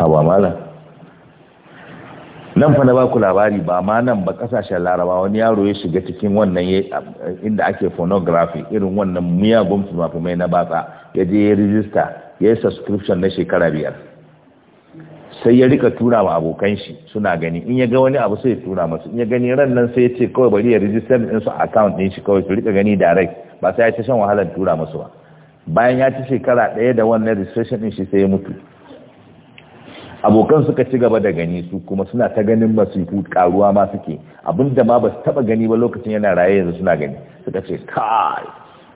ha malam nan fa na ba ku labari ba ma nan ba kasashen laraba wani yaro ya shiga cikin wannan inda ake phonography irin wannan miyagun fumafumai na batsa ya je ya rijista ya yi subscription na shekara biyar sai ya rika tura ma abokan shi suna gani in ya ga wani abu sai ya tura masu in ya gani ran nan sai ya ce kawai bari ya rijistar din su account din shi kawai su rika gani direct ba sai ya ci shan wahalar tura masu ba bayan ya ci shekara ɗaya da wannan registration din shi sai ya mutu abokan suka ci gaba da gani su kuma suna ta ganin masifu karuwa ma suke abinda ma ba su taba gani ba lokacin yana raye yanzu suna gani suka ce kai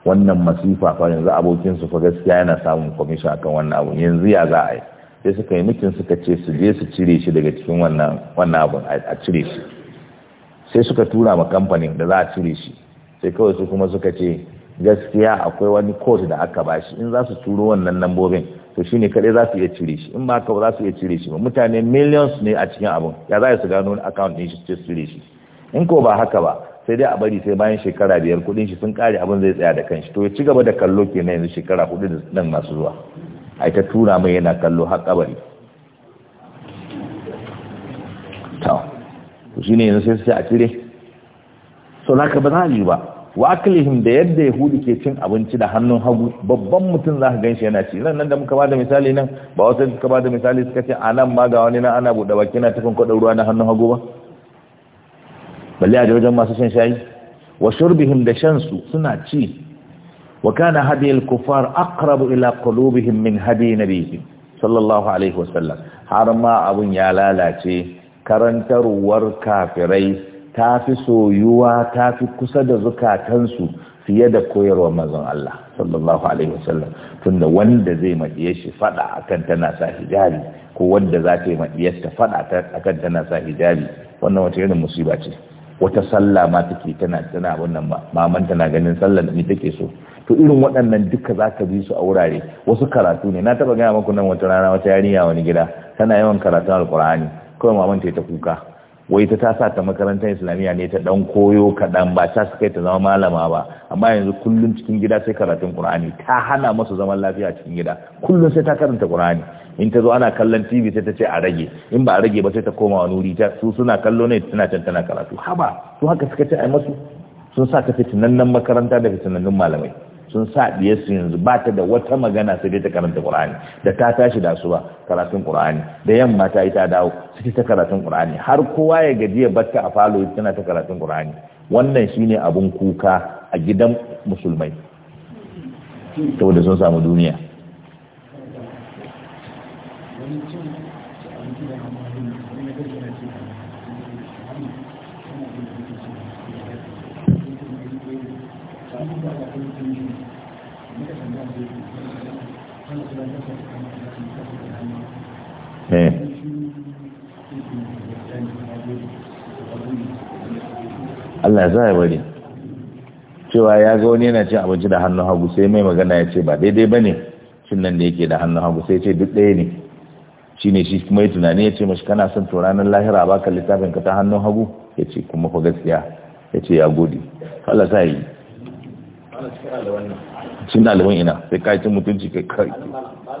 wannan masifa fa yanzu abokin su fa gaskiya yana samun commission akan wannan abu yanzu ya za a yi sai suka yi mutum suka ce su je su cire shi daga cikin wannan wannan abu a cire shi sai suka tura ma kamfanin da za a cire shi sai kawai su kuma suka ce gaskiya akwai wani code da aka bashi in za su turo wannan lambobin to shine kade za su iya cire shi in ba ka ba za su iya cire shi ba mutane millions ne a cikin abun ya za su gano account din shi su cire shi in ko ba haka ba sai dai a bari sai bayan shekara biyar kudin shi sun kare abin zai tsaya da kanshi to ya ci gaba da kallo kenan yanzu shekara hudu da nan masu zuwa a ta tura mai yana kallo har kabari to shine yanzu sai su a cire so naka ba za a yi ba wa aklihim da yadda yahudi ke cin abinci da hannun hagu babban mutum za ka gan shi yana ci ran nan da muka bada misali nan ba wasu suka bada misali suka ce a nan ma ga wani nan ana buɗe baki na tafin kwaɗin ruwa na hannun hagu ba balle a wajen masu shan shayi wa shurbihim da shansu suna ci wa kana hadiyal kufar aqrabu ila qulubihim min hadi nabihim sallallahu alaihi wasallam har ma abun ya lalace karantarwar kafirai ta fi soyuwa ta fi kusa da zukatansu fiye da koyarwa mazan Allah sallallahu alaihi wasallam tunda wanda zai maɗiye shi faɗa akan tana sa hijabi ko wanda za ta yi maɗiyarta faɗa akan tana sa hijabi wannan wata irin musiba ce wata sallah ma take tana tana wannan maman tana ganin sallar ni take so to irin waɗannan duka za ka bi su a wurare wasu karatu ne na taɓa gaya maku nan wata rana wata yarinya wani gida tana yawan karatun alkur'ani kawai maman ta ta kuka wai ta tasa ta makarantar islamiyya ne ta dan koyo kaɗan ba ta su kai ta zama malama ba amma yanzu kullum cikin gida sai karatun qur'ani ta hana masu zaman lafiya cikin gida kullum sai ta karanta qur'ani in ta zo ana kallon tv sai ta ce a rage in ba a rage ba sai ta koma wani wuri ta su suna kallo ne tana can karatu haba su haka suka ce ai masu sun sa ta fitinannen makaranta da fitinannun malamai sun sa su yanzu ba ta da wata magana sai dai ta karanta Qur'ani da ta tashi da su ba karatun Qur'ani da yamma ta yi ta dawo sai ta karatun Qur'ani har kowa ya gaji ya batta a falo tana ta karatun Qur'ani wannan shine abun kuka a gidan musulmai saboda sun samu duniya Allah ya ya bari cewa ya ga wani yana cin abinci da hannun hagu sai mai magana ya ce ba daidai ba ne cin nan da yake da hannun hagu sai ce duk ɗaya ne shi ne shi kuma yi tunani ya ce mashi kana son turanin lahira lahira baka littafin ka ta hannun hagu ya ce kuma fa gaskiya ya ce ya gode Allah sa yi cin ɗaliban ina sai ka cin mutunci kai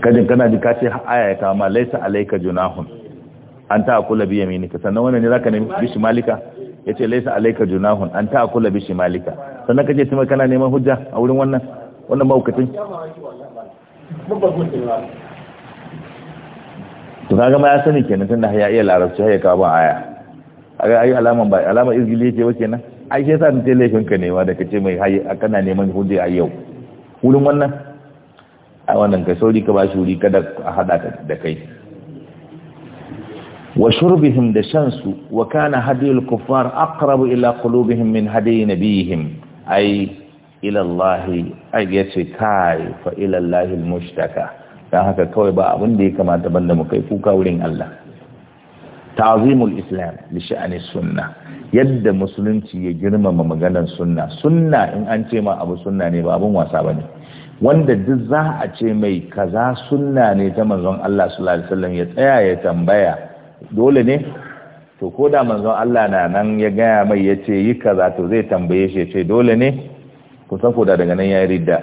kajin kana ji kace aya ya kama laisa alayka junahun an akula bi yaminika sannan wannan ne zaka nemi bi shimalika yace laisa alayka junahun an akula bi shimalika sannan kaje tuma kana neman hujja a wurin wannan wannan maukatin to kaga ma ya sani kenan tunda ya iya larabci ya ba aya aga ayi alaman ba alama izgili yake wace kenan ai sai sa mun tele kanka ne ma da kace mai hayi kana neman hujja a yau wurin wannan a wannan ka sauri ka ba shi wuri kada a haɗa da kai wa shurbihim da shansu wa kana hadiyul kuffar aqrabu ila qulubihim min hadiyi nabihim ai ila Allah yace kai fa ila Allah mushtaka dan haka kawai ba abin da ya kamata banda mu kai kuka wurin Allah ta'zimul islam li sha'ani sunna yadda musulunci ya girmama maganar sunna sunna in an ce ma abu sunna ne ba abun wasa bane wanda duk za a ce mai kaza sunna ne ta manzon Allah sallallahu alaihi wasallam ya tsaya ya tambaya dole ne to ko da manzon Allah na nan ya gaya mai ya ce yi kaza to zai tambaye shi ya ce dole ne ku saboda daga nan ya yi ridda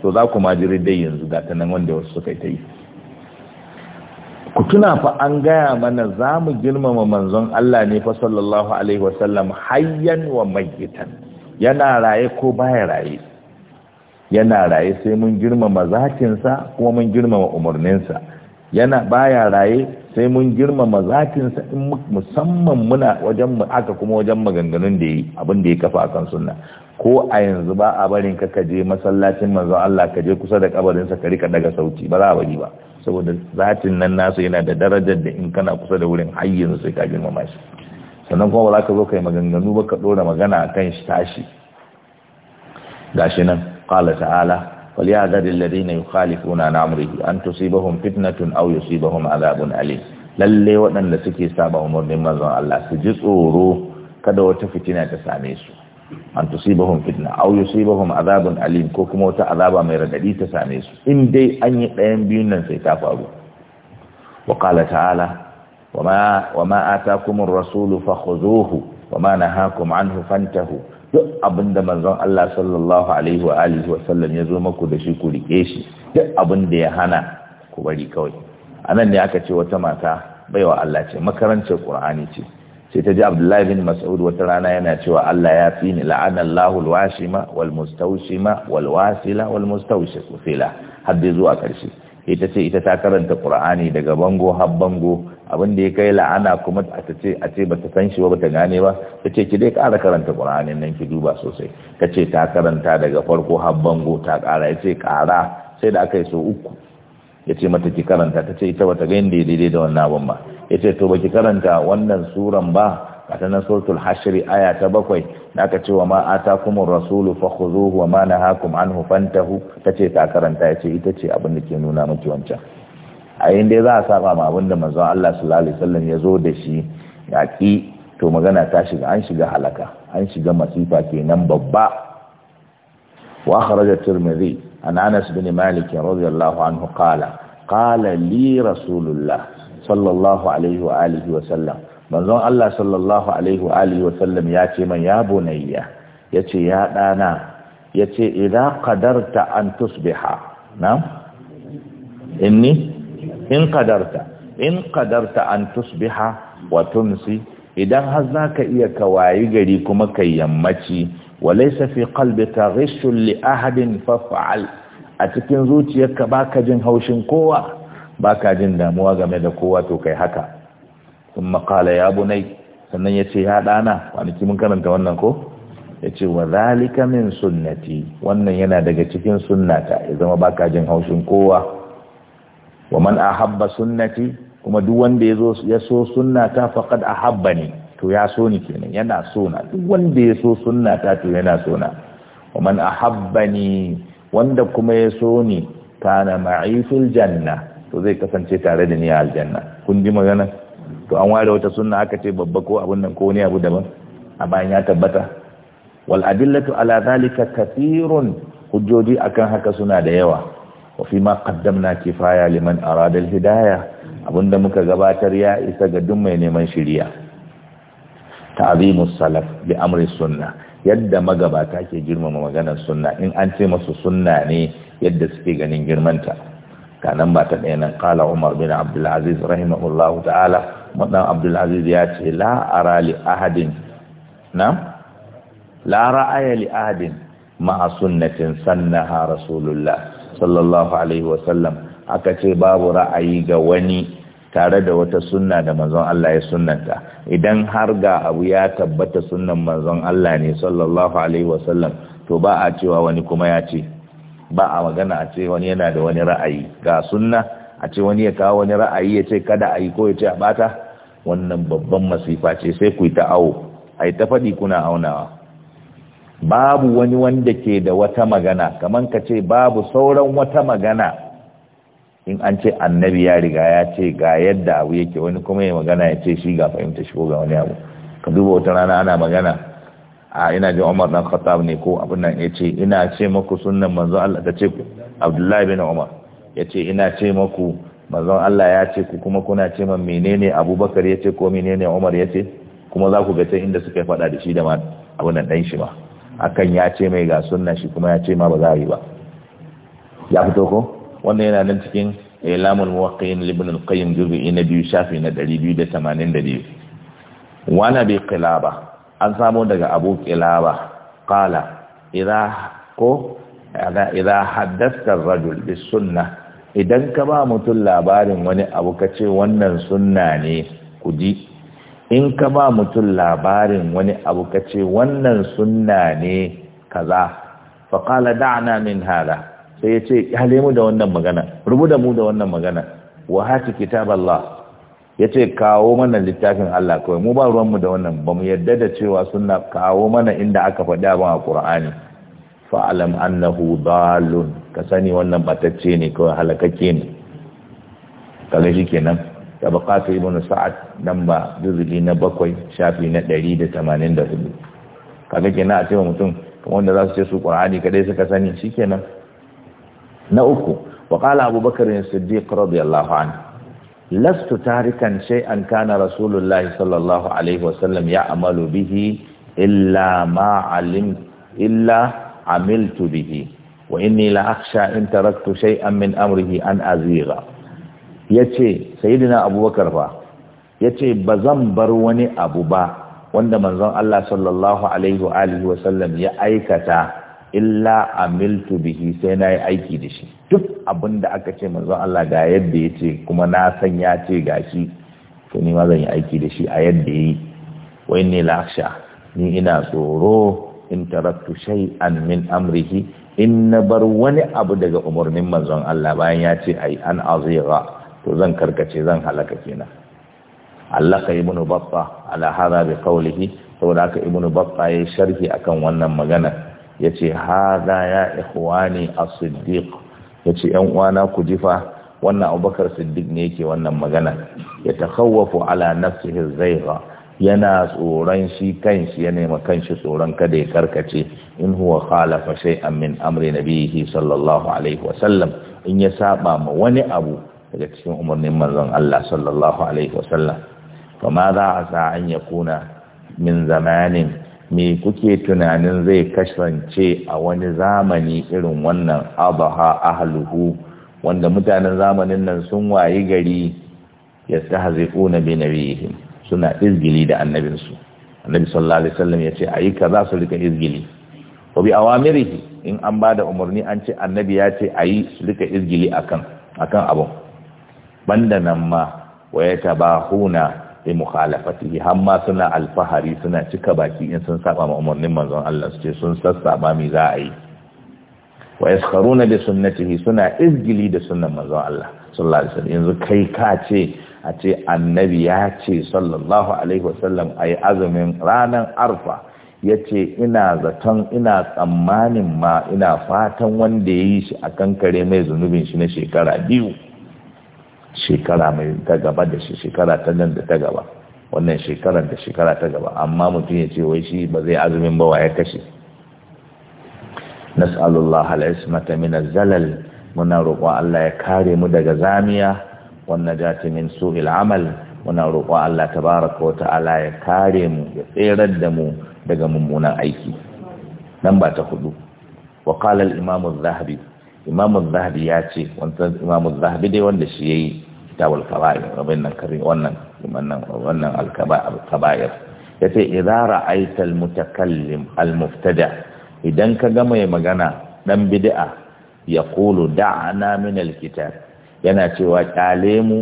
to za ku ma ji ridda yanzu ga ta nan wanda wasu suka ta yi ku tuna fa an gaya mana za mu girmama manzon Allah ne fa sallallahu alaihi wasallam hayyan wa mayyitan yana raye ko baya raye yana raye sai mun girmama zatinsa kuma mun girmama umarninsa yana baya raye sai mun girmama zatinsa in musamman muna wajen aka kuma wajen maganganun da yi abin da ya kafa akan sunna ko a yanzu ba a barin ka ka je masallacin manzo Allah ka je kusa da kabarinsa ka rika daga sauti ba za a bari ba saboda zatin nan nasu yana da darajar da in kana kusa da wurin har sai ka girmama shi sannan kuma ba za ka zo kai maganganu ba ka dora magana akan shi tashi gashi nan qala ta'ala وليعذر الذين يخالفون عن امره ان تصيبهم فتنه او يصيبهم عذاب اليم lalle waɗanda suke saba umarnin mazan Allah su ji tsoro kada wata fitina ta same su an tusibahum fitna aw yusibahum azabun alim ko kuma wata azaba mai radadi ta same su in dai an yi ɗayan biyun nan sai ta faru wa qala ta'ala wa ma wa ma atakumur rasulu fakhuzuhu wa ma nahakum anhu fantahu duk abinda manzon Allah sallallahu alaihi wa alihi wa sallam ya zo maku da shi ku rike shi duk abinda da ya hana ku bari kawai anan ne aka ce wata mata baiwa Allah ce makarantar Qur'ani ce sai ta ji Abdullahi bin Mas'ud wata rana yana cewa Allah ya fi ni la'ana Allahu al-washima wal mustawshima wal wasila wal har da zuwa karshe ita ce ita ta karanta Qur'ani daga bango har bango abin da ya kai la'ana kuma a ce a ce bata san shi ba bata gane ba ta ce ki dai ƙara karanta ƙur'anin nan ki duba sosai ta ce ta karanta daga farko har bango ta ƙara ya ce ƙara sai da aka yi so uku ya ce mata ki karanta ta ce ita bata ga gani daidai da wannan abin ba ya ce to baki karanta wannan suran ba a ta nan suratul hashri aya ta bakwai da aka ce wa ma kuma rasulu fakhuzuhu wa ma nahakum anhu fantahu ta ce ta karanta ya ce ita ce abin da ke nuna miki wancan a yin dai za a saba ma abinda manzon Allah sallallahu alaihi wasallam ya zo da shi ya to magana ta shiga an shiga halaka an shiga masifa kenan babba wa kharaja tirmidhi an Anas bin Malik radiyallahu anhu qala qala li rasulullah sallallahu alaihi wa alihi wa sallam manzon Allah sallallahu alaihi wa alihi wa sallam ya ce man ya bunayya yace ya dana yace idza qadarta an tusbiha na inni in qadarta in kadarta an tusbiha wa tumsi idan har zaka iya kawayi gari kuma kai yammaci laysa fi qalbika ghishun li ahadin faf'al a cikin zuciyarka baka jin haushin kowa baka jin damuwa game da kowa to kai haka kuma qala ya bunai sannan yace ya dana wani mun karanta wannan ko ya wa zalika min sunnati wannan yana daga cikin sunnata ya zama baka jin haushin kowa wa man ahabba sunnati kuma duk wanda yazo ya so sunnata faqad ahabbani to ya so ni kenan yana so na duk wanda ya so sunnata to yana so na wa man ahabbani wanda kuma ya so ni kana ma'i janna to zai kasance tare da ni a aljanna kun ji magana to an ware wata sunna aka ce babba ko abun nan ko wani abu daban a bayan ya tabbata wal adillatu ala zalika kathirun hujjoji akan haka suna da yawa wa kaddam na qaddamna kifaya liman arada al-hidayah abinda muka gabatar ya isa ga duk mai neman shiriya ta'zimus salaf bi amri sunna yadda magabata ke girmama maganar sunna in an ce masu sunna ne yadda suke ganin girmanta kanan ba ta ɗaya nan umar bin abdulaziz rahimahullahu ta'ala maɗan abdulaziz ya ce la'ara li ahadin na? la'ara aya li ahadin ma'a sunnatin sannaha rasulullah sallallahu alaihi wasallam aka ce babu ra'ayi ga wani tare da wata sunna da manzon Allah ya sunnanta idan har ga abu ya tabbata sunnan manzon Allah ne sallallahu alaihi wasallam to ba a cewa wani kuma ya ce ba a magana a ce wani yana da wani ra'ayi ga sunna a ce wani ya kawo wani ra'ayi ya ce kada a yi ko ya ce a bata wannan babban masifa ce sai ku yi ta awo a yi ta faɗi kuna aunawa babu wani wanda ke da wata magana kamar ka ce babu sauran wata magana in an ce annabi ya riga ya ce ga yadda abu yake wani kuma ya magana ya ce shi ga fahimta shi ko ga wani abu ka duba wata rana ana magana a ina jin Umar dan Khattab ne ko abin nan ya ce. ina ce maku sunnan manzon Allah ta ce ku, Abdullahi bin Umar ya ce ina ce maku manzon Allah ya ce ku kuma kuna ce man menene Abubakar ya ce, ko menene Umar ya ce? kuma za ku ga ta inda suka faɗa da shi da abin nan ɗan shi ba akan ya ce mai ga sunna shi kuma ya ce ma ba za a yi ba ya fito ko wannan yana nan cikin ilamul muwaqqi'in ibn al-qayyim juz'i na biyu shafi na 282 wa nabi qilaba an samu daga abu qilaba qala idha ko idha haddatha ar-rajul bis sunnah idan ka ba mutum labarin wani abu kace wannan sunna ne ku ji in ka ba mutum labarin wani abu ka ce wannan sunna ne kaza faƙala da'ana min hala sai ya ce hale mu da wannan magana rubuta mu da wannan magana wa hati kitab Allah ya ce kawo mana littafin Allah kawai mu ba ruwanmu da wannan ba mu yadda da cewa suna kawo mana inda aka faɗi ban a Qur'ani fa'alam annahu dalun ka sani wannan batacce ne kawai halakakke ne kaga kenan tabaqatu ibn sa'ad namba juzuli na bakwai shafi na 184 kaga kenan a cewa mutum wanda za su ce su qur'ani kadai suka sani shikenan na uku wa qala abubakar as-siddiq radiyallahu anhu lastu tarikan shay'an kana rasulullah sallallahu alaihi wasallam ya'malu bihi illa ma alim illa amiltu bihi wa inni la akhsha in taraktu shay'an min amrihi an azira. ya ce sayidina abubakar ba, ya ce ba zan bar wani abu ba wanda manzon Allah sallallahu alaihi wa alihi wa sallam ya aikata illa amiltu bihi sai na yi aiki da shi duk abin da aka ce manzon Allah ga yadda ya ce kuma na san ya ce ga shi to ni ma zan yi aiki da shi a yadda yi wai ne laksha ni ina tsoro in taraktu shay'an min amrihi in na bar wani abu daga umarnin manzon Allah bayan ya ce ai an azira to zan karkace zan halaka kenan allaka ibnu batta ala hada bi qawlihi saboda haka ibnu baffa yayi sharhi akan wannan magana yace hada ya ikhwani as-siddiq yace yan uwana ku jifa wannan abubakar siddiq ne yake wannan magana ya takhawwafu ala nafsihi zaiga yana tsoron shi kanshi ya nema kanshi tsoron kada ya karkace in huwa khalafa shay'an min amri nabihi sallallahu alaihi sallam. in ya saba ma wani abu daga cikin umarnin manzon Allah sallallahu alaihi wasallam fa ma za a sa an yakuna min zamanin me kuke tunanin zai kasance a wani zamani irin wannan abaha ahluhu wanda mutanen zamanin nan sun wayi gari yastahziquna bi nabiyihim suna izgili da annabinsu annabi sallallahu alaihi wasallam yace ayi kaza su rika izgili wa bi awamirihi in an bada umarni an ce annabi ya ce ayi su rika izgili akan akan abun banda nan ma wa yatabahuna bi mukhalafatihi hamma suna alfahari suna cika baki in sun saba ma umarnin manzon Allah su ce sun sassaba mi za a yi wa yaskharuna bi sunnatihi suna izgili da sunnan manzon Allah sallallahu alaihi wasallam yanzu kai ka ce a ce annabi ya ce sallallahu alaihi wasallam ayi azumin ranar arfa yace ina zaton ina tsammanin ma ina fatan wanda ya yi shi a kankare mai zunubin shi na shekara biyu shekara mai ta gaba da shi shekara ta nan da ta gaba wannan shekarar da shekara ta gaba amma mutum ya ce wai shi ba zai azumin ba wa ya kashe nas'alullah al-ismata min az-zalal muna roƙon Allah ya kare mu daga zamiya wannan jati min su'il amal muna roƙon Allah tabaraka wa ta'ala ya kare mu ya tserar da mu daga mummunan aiki nan ba ta hudu wa qala al-imam az-zahabi imam az-zahabi ya ce wannan imam az-zahabi dai wanda shi yayi wal kaba'ir abin nan kare wannan wannan wannan al kaba'ir yace idza ra'aita al mutakallim al muftada idan ka ga mai magana dan bid'a yaqulu da'ana min al kitab yana cewa kyale mu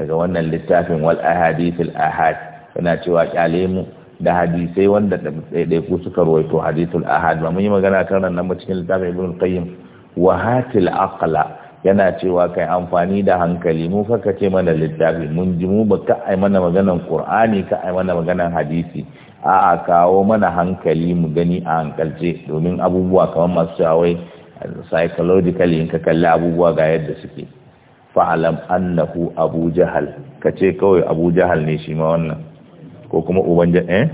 daga wannan littafin wal ahadith al ahad yana cewa kyale mu da hadisai wanda ɗaiɗaiku suka ruwaito hadithul ahad ba mun yi magana kan nan cikin littafin ibn qayyim wa hatil aqla yana cewa kai amfani da hankali mu faka ce mana littafi mun ji mu ba ka ai mana maganan qur'ani ka ai mana maganan hadisi a a kawo mana hankali mu gani a hankalce domin abubuwa kamar masu shawai psychologically in ka kalli abubuwa ga yadda suke fa'alam annahu abu jahal ka ce kawai abu jahal ne shi ma wannan ko kuma uban eh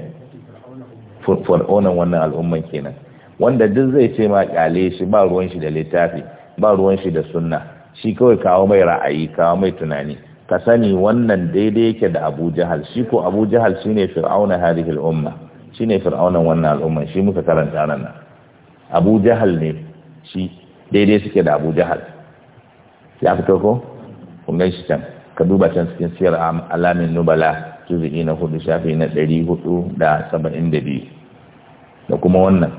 fir'aunan wannan al'umman kenan wanda duk zai ce ma kyale shi ba ruwan shi da littafi ba ruwan shi da sunna shi kawai kawo mai ra'ayi kawo mai tunani ka sani wannan daidai yake da Abu Jahal shi ko Abu Jahal shine fir'auna hadhihi al'umma umma shine fir'aunan wannan al'umma shi muka karanta nan Abu Jahal ne shi daidai suke da Abu Jahal ya fito ko kun gan shi can ka duba can cikin siyar alamin nubala juzu'i na hudu shafi na ɗari hudu da saba'in da biyu da kuma wannan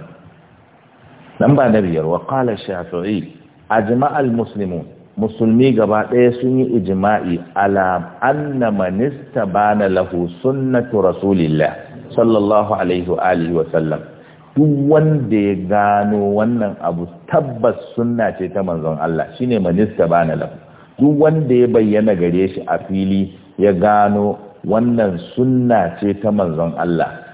nan ba na biyar wa kala shafi'i ajma'al muslimun musulmi gaba ɗaya sun yi ijma'i ala anna man bana lahu sunnatu rasulillah sallallahu alaihi wa alihi wa sallam duk wanda ya gano wannan abu tabbas sunna ce ta manzon Allah shine minista bana lahu duk wanda ya bayyana gare shi a fili ya gano wannan sunna ce ta manzon Allah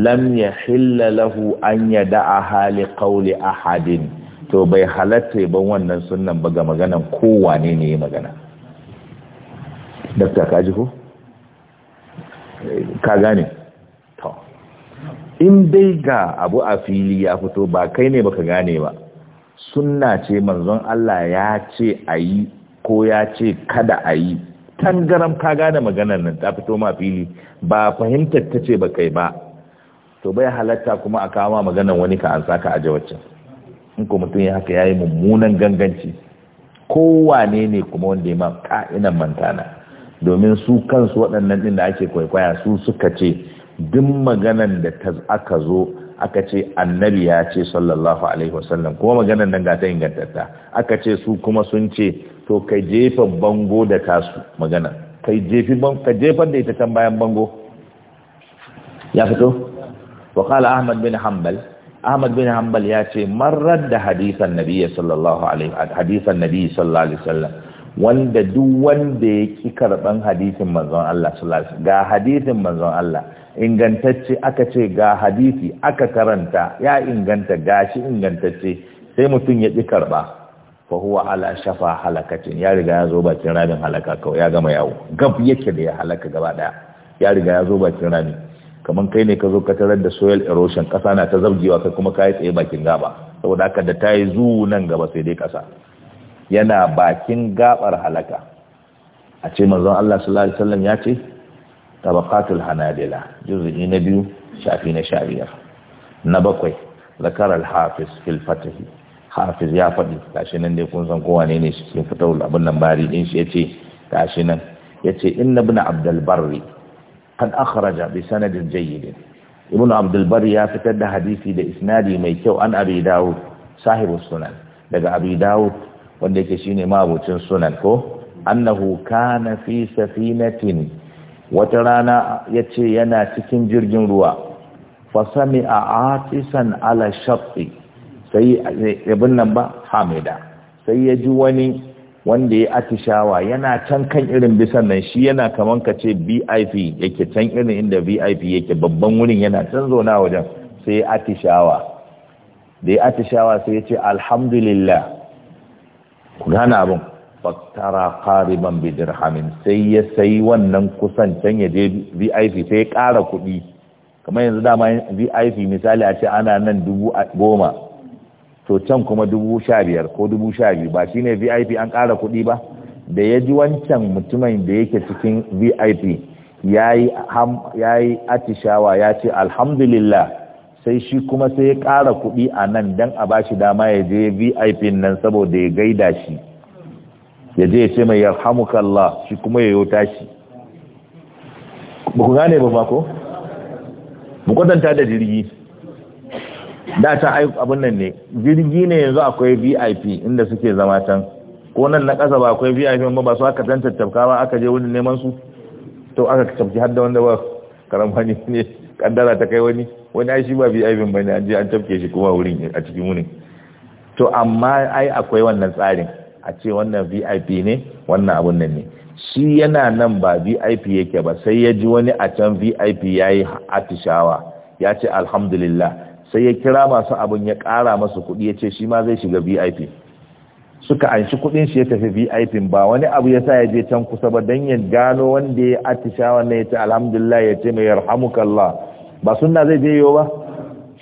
lam ya hilla lahu an ya da'a hali ƙauli ahadin to bai halatta ban wannan sunan ba ga maganan kowane ne ya magana dakta ka ji ko ka gane to in dai ga abu a fili ya fito ba kai ne baka gane ba sunna ce manzon Allah ya ce ayi ko ya ce kada ayi tangaram ka gane maganar nan ta fito ma fili ba fahimtar ta ce ba kai ba to bai halatta kuma a kama maganar wani ka an saka a waccan in ko mutum ya haka yayi mummunan ganganci kowane ne kuma wanda ya ma ka'inan mantana domin su kansu waɗannan ɗin da ake kwaikwaya su suka ce duk maganan da ta aka zo aka ce annabi ya ce sallallahu alaihi wasallam kuma maganan nan ga ta ingantatta aka ce su kuma sun ce to kai jefa bango da tasu magana kai jefi ka jefar da ita can bayan bango ya fito wa qala ahmad bin hanbal Ahmad bin Hanbal ya ce marar da hadisan Nabi sallallahu alaihi hadisan alaihi wasallam wanda duk wanda ya ki karban hadisin manzon Allah sallallahu alaihi wasallam ga hadisin manzon Allah ingantacce aka ce ga hadisi aka karanta ya inganta gashi ingantacce sai mutum ya ki karba fa huwa ala shafa halakatin ya riga ya zo bakin ramin halaka kawai ya gama yawo gab yake da ya halaka gaba daya ya riga ya zo bakin ramin kamar kai ne ka zo ka tarar da soil erosion kasa na ta zabgewa kai kuma kai tsaye bakin gaba saboda haka da tayi yi zu nan gaba sai dai kasa yana bakin gabar halaka a ce manzon Allah sallallahu alaihi wasallam ya ce tabaqatul hanadila juz'i na biyu shafi na sha na bakwai zakarar hafiz fil fatih hafiz ya faɗi kashi nan ne kun san ko wane ne shi fitar abin nan bari din shi yace kashi nan yace inna ibn abdul barri قد أخرج بسند جيد ابن عبد البر يا فتد حديثي ده إسنادي ميكو عن أبي داود صاحب السنن لقى أبي داود wanda yake shine mabucin sunan ko annahu kana fi safinatin wata rana ce yana cikin jirgin ruwa fa a atisan ala shatti sai ibn nan ba sai ya ji wani wanda ya atishawa yana can kan irin bisan nan shi yana kamar ka ce vip yake can irin inda vip yake babban wurin yana can zona wajen sai atishawa da ya atishawa sai ya ce alhamdulillah ku gana abin faktara kariban bidirhamin sai ya sayi wannan kusan can ya je vip sai ya kara kuɗi kamar yanzu dama vip misali a ce ana nan dubu goma to can kuma dubu sha biyar ko dubu sha biyu ba shine vip an ƙara kuɗi ba da ya ji wancan mutumin da yake cikin vip ya yi atishawa ya ce alhamdulillah sai shi kuma sai ya ƙara kuɗi a nan don a ba shi dama ya je vip nan saboda ya gaida shi ya je ya ce mai yarhamukallah shi kuma ya yi tashi ba ku gane ba ba ko? mu kwatanta da jirgi da ta abin nan ne jirgi ne yanzu akwai vip inda suke zama can ko nan na kasa ba akwai vip ba ba su aka dan tattafka ba aka je wurin neman su to aka tafki har da wanda ba karamba ne ne kaddara ta kai wani wani ai shi ba vip ba ne an je an tafke shi kuma wurin a cikin wurin to amma ai akwai wannan tsarin a ce wannan vip ne wannan abun nan ne shi yana nan ba vip yake ba sai ya ji wani a can vip ya yi atishawa ya ce alhamdulillah sai ya kira masu abin ya kara masu kuɗi ya ce shi ma zai shiga vip suka anshi kuɗin shi ya tafi vip ba wani abu ya sa ya je can kusa ba don ya gano wanda ya atisha wannan ya ce alhamdulillah ya ce mai yarhamukallah ba sunna zai je yiwu ba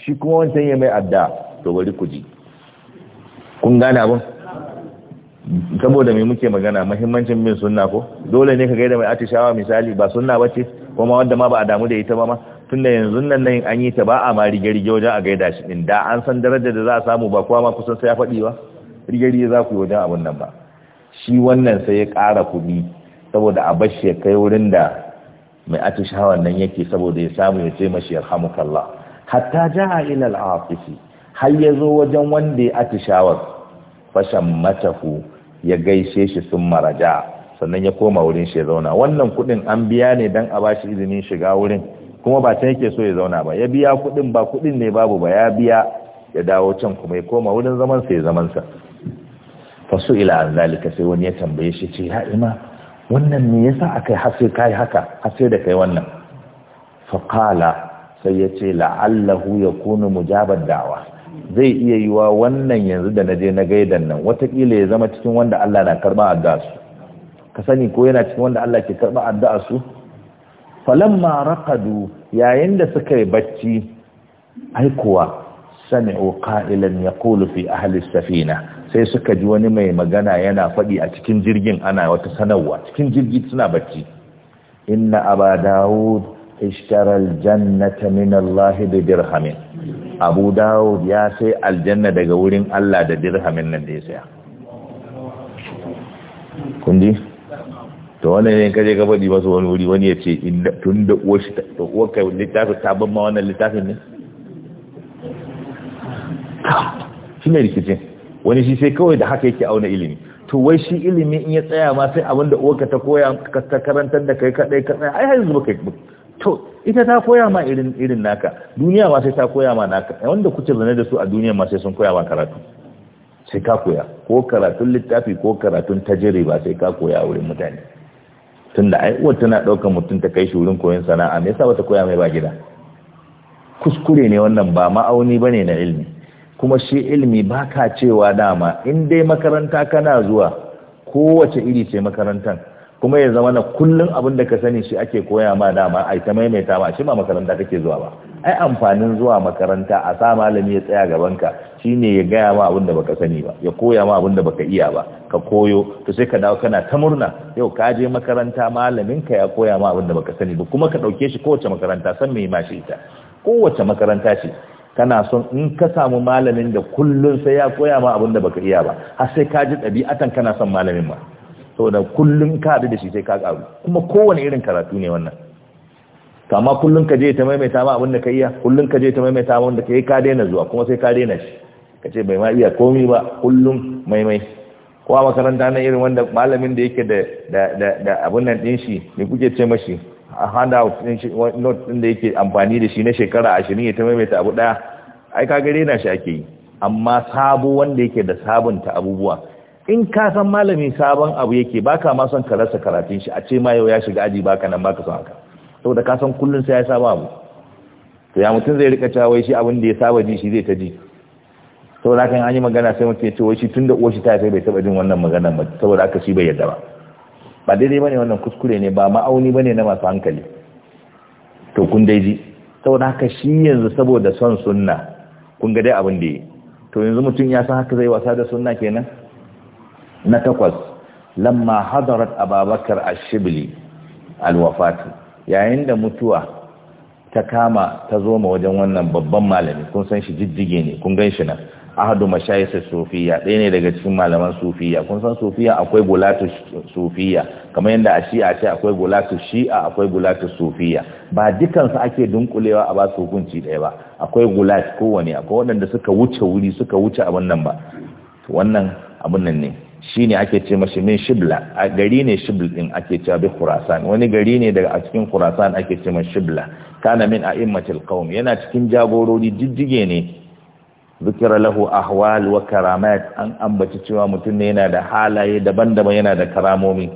shi kuma wancan ya mai adda to bari ku ji kun gane abin saboda mai muke magana mahimmancin bin sunna ko dole ne ka gaida mai atishawa misali ba sunna ce kuma wanda ma ba a damu da ita ba ma tunda yanzu nan nan an yi ta ba a ma rige-rige wajen a gaida shi din da an san darajar da za a samu ba kuma ma kusan sai ya faɗi ba rige za ku yi wajen abin nan ba shi wannan sai ya ƙara kuɗi saboda a bashi ya kai wurin da mai atishawan nan yake saboda ya samu ya ce mashi yarhamukallah hatta ja a al-afisi har ya zo wajen wanda ya atishawar fashan matafu ya gaishe shi sun maraja sannan ya koma wurin shi ya zauna wannan kuɗin an biya ne don a bashi izinin shiga wurin kuma ba can yake so ya zauna ba ya biya kuɗin ba kuɗin ne babu ba ya biya ya dawo can kuma ya koma wurin zaman sa ya zaman sa fasu ila an zalika sai wani ya tambaye shi ce ya ima wannan me yasa akai hasse kai haka hasse da kai wannan fa qala sai ya ce la'allahu yakunu mujabad da'wa zai iya yiwa wannan yanzu da naje na gaidan nan watakila ya zama cikin wanda Allah na karba addu'a su ka sani ko yana cikin wanda Allah ke karba addu'a su falamma raqadu yayin da suka yi bacci ai kuwa sami'u qa'ilan yaqulu fi ahli safina sai suka ji wani mai magana yana faɗi a cikin jirgin ana wata sanarwa cikin jirgi suna bacci inna aba daud ishtara aljannata min Allah bi dirhamin abu daud ya sai aljanna daga wurin Allah da dirhamin nan da ya saya ji to wannan ne kaje ka faɗi masa wani wuri wani ya ce tun da uwar shi ta uwar kai littafin ta ban ma wannan littafin ne shi ne rikicin wani shi sai kawai da haka yake auna ilimi to wai shi ilimi in ya tsaya ma sai abin da ka ta koya ta karantar da kai kadai tsaya ai har yanzu kai to ita ta koya ma irin irin naka duniya ma sai ta koya ma naka wanda kuke zane da su a duniya ma sai sun koya ma karatu sai ka koya ko karatun littafi ko karatun tajiri ba sai ka koya a wurin mutane tunda ai uwar tana ɗaukar mutum ta kai shi wurin koyon sana'a me yasa wata koya mai ba gida kuskure ne wannan ba ma'auni bane na ilmi kuma shi ilmi ba ka cewa dama in dai makaranta kana zuwa kowace iri ce makarantar kuma ya zama na kullum abin da ka sani shi ake koya ma dama ai ta maimaita ma shi ba makaranta kake zuwa ba ai amfanin zuwa makaranta a sa malami ya tsaya gaban gabanka shine ya gaya ma abinda baka sani ba ya koya ma abinda baka iya ba ka koyo to sai ka dawo kana ta murna yau ka je makaranta malamin ka ya koya ma abinda baka sani ba kuma ka dauke shi kowace makaranta san me ma shi ita kowace makaranta ce kana son in ka samu malamin da kullun sai ya koya ma abinda baka iya ba har sai ka ji ɗabi'atan kana son malamin ma saboda kullun ka haɗu da shi sai ka karu kuma kowane irin karatu ne wannan to amma kullun ka je ta maimaita ma abin da ka iya kullun ka je ta maimaita ma wanda ka yi ka daina zuwa kuma sai ka daina shi ka ce bai ma iya komi ba kullum maimai ko a makaranta na irin wanda malamin da yake da abin nan din shi ne kuke ce mashi a handout ɗin shi note ɗin da yake amfani da shi na shekara ashirin ya ta maimaita abu ɗaya ai ka gare na shi ake yi amma sabo wanda yake da sabunta abubuwa in ka san malami sabon abu yake baka ma son ka rasa karatun shi a ce ma yau ya shiga aji baka nan baka son haka saboda ka san kullun sai ya saba abu to ya mutum zai rika cewa shi abin da ya saba ji shi zai ta ji saboda haka an yi magana sai mutum ya ce wai shi tunda uwar shi ta sai bai taba jin wannan magana ba saboda haka shi bai yarda ba ba daidai bane wannan kuskure ne ba ma'auni bane na masu hankali to kun dai ji saboda haka shi yanzu saboda son sunna kun ga dai abin da yi to yanzu mutum ya san haka zai wasa da sunna kenan na takwas lamma hadarat ababakar ashibli alwafatu al-wafatu yayin da mutuwa ta kama ta zo ma wajen wannan babban malami kun san shi jijjige ne kun gan shi nan ahadu mashayisa sufiya ɗaya ne daga cikin malaman sufiya kun san sufiya akwai gulatu sufiya kamar yadda a shi'a ce akwai gulatu shi'a akwai gulatu sufiya ba dukansu ake dunkulewa a ba su hukunci ɗaya ba akwai gulat kowane akwai waɗanda suka wuce wuri suka wuce abin nan ba wannan abin nan ne shine ake ce mashi min shibla a gari ne shibl din ake cewa bi khurasan wani gari ne daga a cikin khurasan ake ce mashi shibla kana min a'immatil qaum yana cikin jagorori jijjige ne zikira lahu ahwal wa karamat an ambaci cewa mutum ne yana da halaye daban-daban yana da karamomi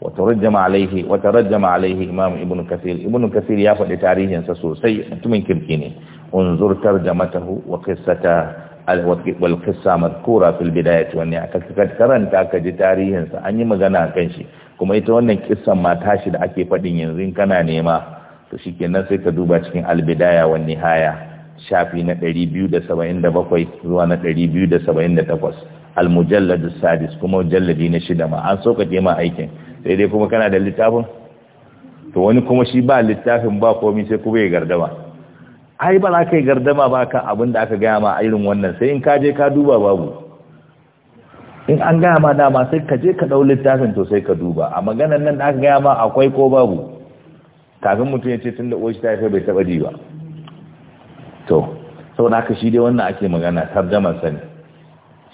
wa tarajjama alaihi wa tarajjama alaihi imam ibn kasir ibn kasir ya faɗi tarihinsa sosai mutumin kirki ne unzur tarjamatahu wa qissata walƙisa mazkura fil wa wani aka karanta ka ji tarihinsa an yi magana kan shi kuma ita wannan kissan ma tashi da ake fadin yanzu kana nema to shikenan sai ka duba cikin albidaya wa nihaya shafi na 277 zuwa na 278 almujallad sadis kuma mujalladi na shida ma an soka ma aikin sai dai kuma kana da littafin to wani kuma shi ba littafin ba komai sai kuma ya gardama ai ba za ka yi gardama ba ka abin da aka gaya ma a irin wannan sai in ka je ka duba babu in an gaya ma dama sai ka je ka ɗau littafin to sai ka duba a maganar nan da aka gaya ma akwai ko babu kafin mutum ya ce tun da oshi ta bai taɓa ji ba to sau da aka shi dai wannan ake magana tarjaman sani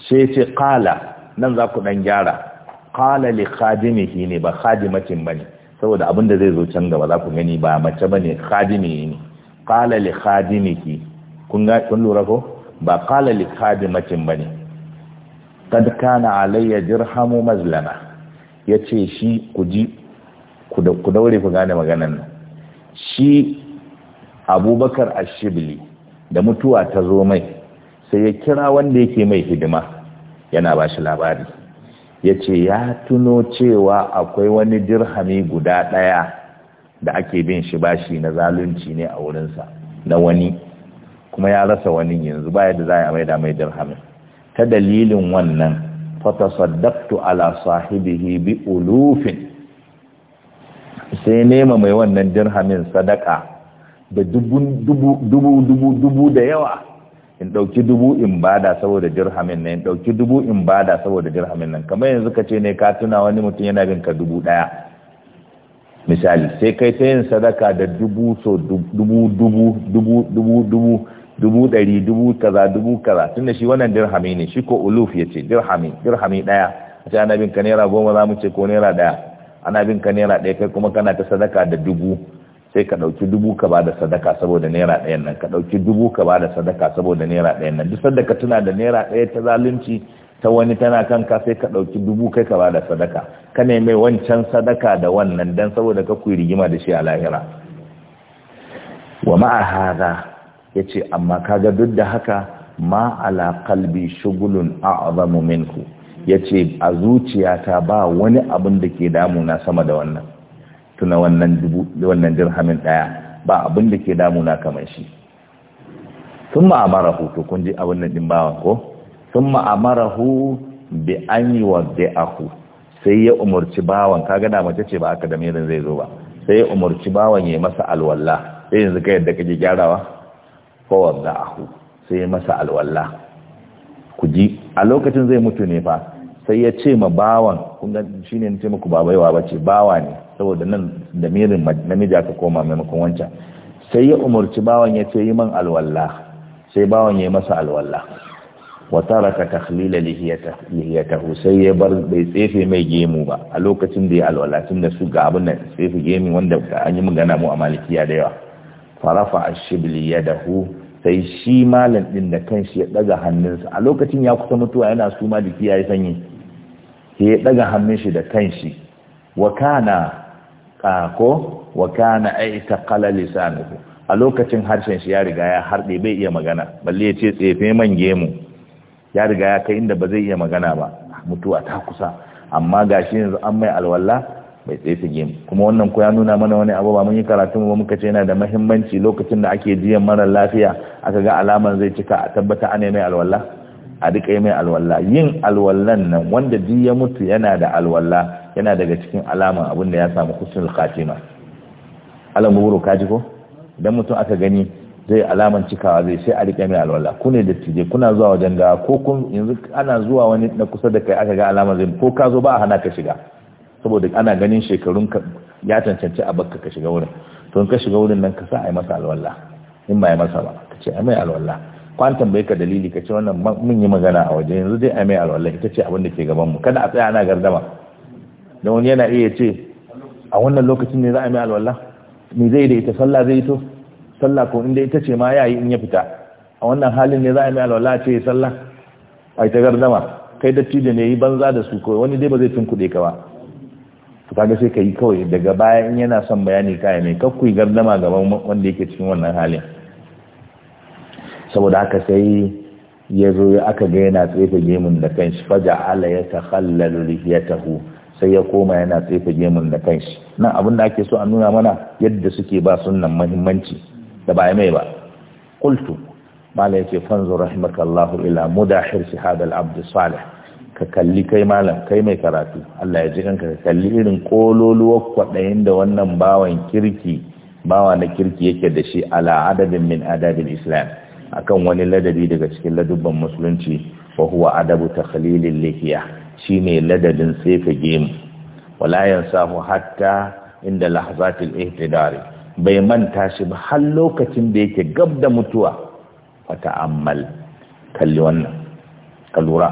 sai ce kala nan za ku ɗan gyara kala li khadimihi ne ba khadimatin ba ne saboda abin da zai zo can gaba za ku gani ba mace ba ne khadimi ne qala li khadimiki kun ga kun lura ko ba qala li khadimatin bane kad kana alayya dirhamu mazlama yace shi ku ji ku da ku daure ku gane maganan nan shi abubakar ashibli da mutuwa ta zo mai sai ya kira wanda yake mai hidima yana ba shi labari yace ya tuno cewa akwai wani dirhami guda ɗaya da ake bin shi bashi na zalunci ne a wurinsa na wani kuma ya rasa wani yanzu baya da za a maida mai dirhamin ta dalilin wannan fatasaddaqtu ala sahibihi bi ulufin sai nema mai wannan dirhamin sadaka da dubu dubu dubu da yawa in ɗauki dubu in bada saboda dirhamin nan in dauki dubu in bada saboda dirhamin nan kamar yanzu ka ce ne ka tuna wani mutum yana bin ka dubu ɗaya. misali sai kai ta yin sadaka da dubu so dubu dubu dubu dubu dubu dubu ɗari dubu kaza dubu kaza tunda shi wannan dirhami ne shi ko uluf ya ce dirhami dirhami ɗaya a ce ana bin ka naira goma za mu ce ko naira ɗaya ana bin ka naira ɗaya kai kuma kana ta sadaka da dubu sai ka ɗauki dubu ka ba da sadaka saboda naira ɗayan nan ka ɗauki dubu ka ba da sadaka saboda naira ɗayan nan duk sadaka tuna da naira ɗaya ta zalunci ta wani tana kanka sai ka ɗauki dubu kai ka bada sadaka ka nemi wancan sadaka da wannan dan saboda ka kuyi rigima da shi a lahira wa ma'a haza ya ce amma kaga duk da haka ma ala kalbi shugulun a'azamu minku ya ce a zuciyata ba wani abin da ke damuna sama da wannan tuna wannan dubu wannan dirhamin ɗaya ba abin da ke damuna kamar shi sun ma'amara hoto kun ji abin nan ɗin bawan ko thumma amarahu bi an yuwaddi'ahu sai ya umurci bawan kaga da mace ce ba aka da mirin zai zo ba sai ya umurci bawan ya masa alwala sai yanzu ka yadda kake gyarawa ko wadda'ahu sai ya masa alwala ku ji a lokacin zai mutu ne fa sai ya ce ma bawan kun ga shine ne ce muku ba baiwa bace bawa ne saboda nan da mirin namiji aka koma maimakon wancan sai ya umurci bawan ya ce yi man alwala sai bawan ya yi masa alwala wa taraka takhlila lihiyata sai ya bar bai tsefe mai gemu ba a lokacin da ya alwala tun da su ga abin da tsefe gemu wanda an yi magana mu a malikiya da yawa farafa ashibli yadahu sai shi malam din da kanshi ya daga hannunsa a lokacin ya kusa mutuwa yana suma da yayi sanyi ke ya daga hannun shi da kanshi wa kana kako, wa kana aitaqala lisanuhu a lokacin harshen shi ya riga ya harde bai iya magana balle ya ce tsefe man gemu ya riga ya kai inda ba zai iya magana ba mutuwa ta kusa amma ga shi yanzu an mai alwala bai tsaye game kuma wannan ko ya nuna mana wani abu ba mun yi karatu ba muka ce yana da mahimmanci. lokacin da ake jiyan mara lafiya aka ga alaman zai cika a tabbata an mai alwala a duka mai alwala yin alwallan nan wanda ji ya mutu yana da alwala yana daga cikin alaman abin da ya samu husnul khatima alam buru kaji ko idan mutum aka gani zai alaman cikawa zai sai a rike mai alwala ku ne dattijai kuna zuwa wajen gawa ko kun yanzu ana zuwa wani na kusa da kai aka ga alama zai ko ka zo ba a hana ka shiga saboda ana ganin shekarun ka ya cancanci a bakka ka shiga wurin to in ka shiga wurin nan ka sa a yi masa alwala in ba ya masa ba ka ce a mai alwala kwan tambaye ka dalili ka ce wannan mun yi magana a waje yanzu dai a mai alwala ita ce abin da ke gaban mu kada a tsaya ana gardama don wani yana iya ce a wannan lokacin ne za a mai alwala me zai da ita sallah zai to sallah ko inda ita ce ma yayi in ya fita a wannan halin ne za a yi alwala ce ya sallah a ta gardama kai dattijo ne yi banza da su kawai wani dai ba zai kuɗe ka ba su kaga sai ka yi kawai daga baya in yana son bayani kaya mai kakku yi gardama gaban wanda yake cikin wannan halin saboda haka sai ya zo aka ga yana tsefe gemun da kanshi faja ala ya ya lihiyatahu sai ya koma yana tsefe gemun da kanshi nan abin da ake so a nuna mana yadda suke ba sunan mahimmanci da ba mai ba kultu malam yace fanzur rahimakallahu ila mudahir shahada al-abd salih ka kalli kai malam kai mai karatu Allah ya ji kanka ka kalli irin kololuwar kwaɗayin da wannan bawan kirki bawa na kirki yake da shi ala adabin min adabin islam akan wani ladabi daga cikin ladubban musulunci wa huwa adabu takhlilil lihiya shine ladabin tsefe gemu wala yansahu hatta inda lahzatil ihtidari bai manta shi ba har lokacin da yake gab da mutuwa wata ammal kalli wannan ka lura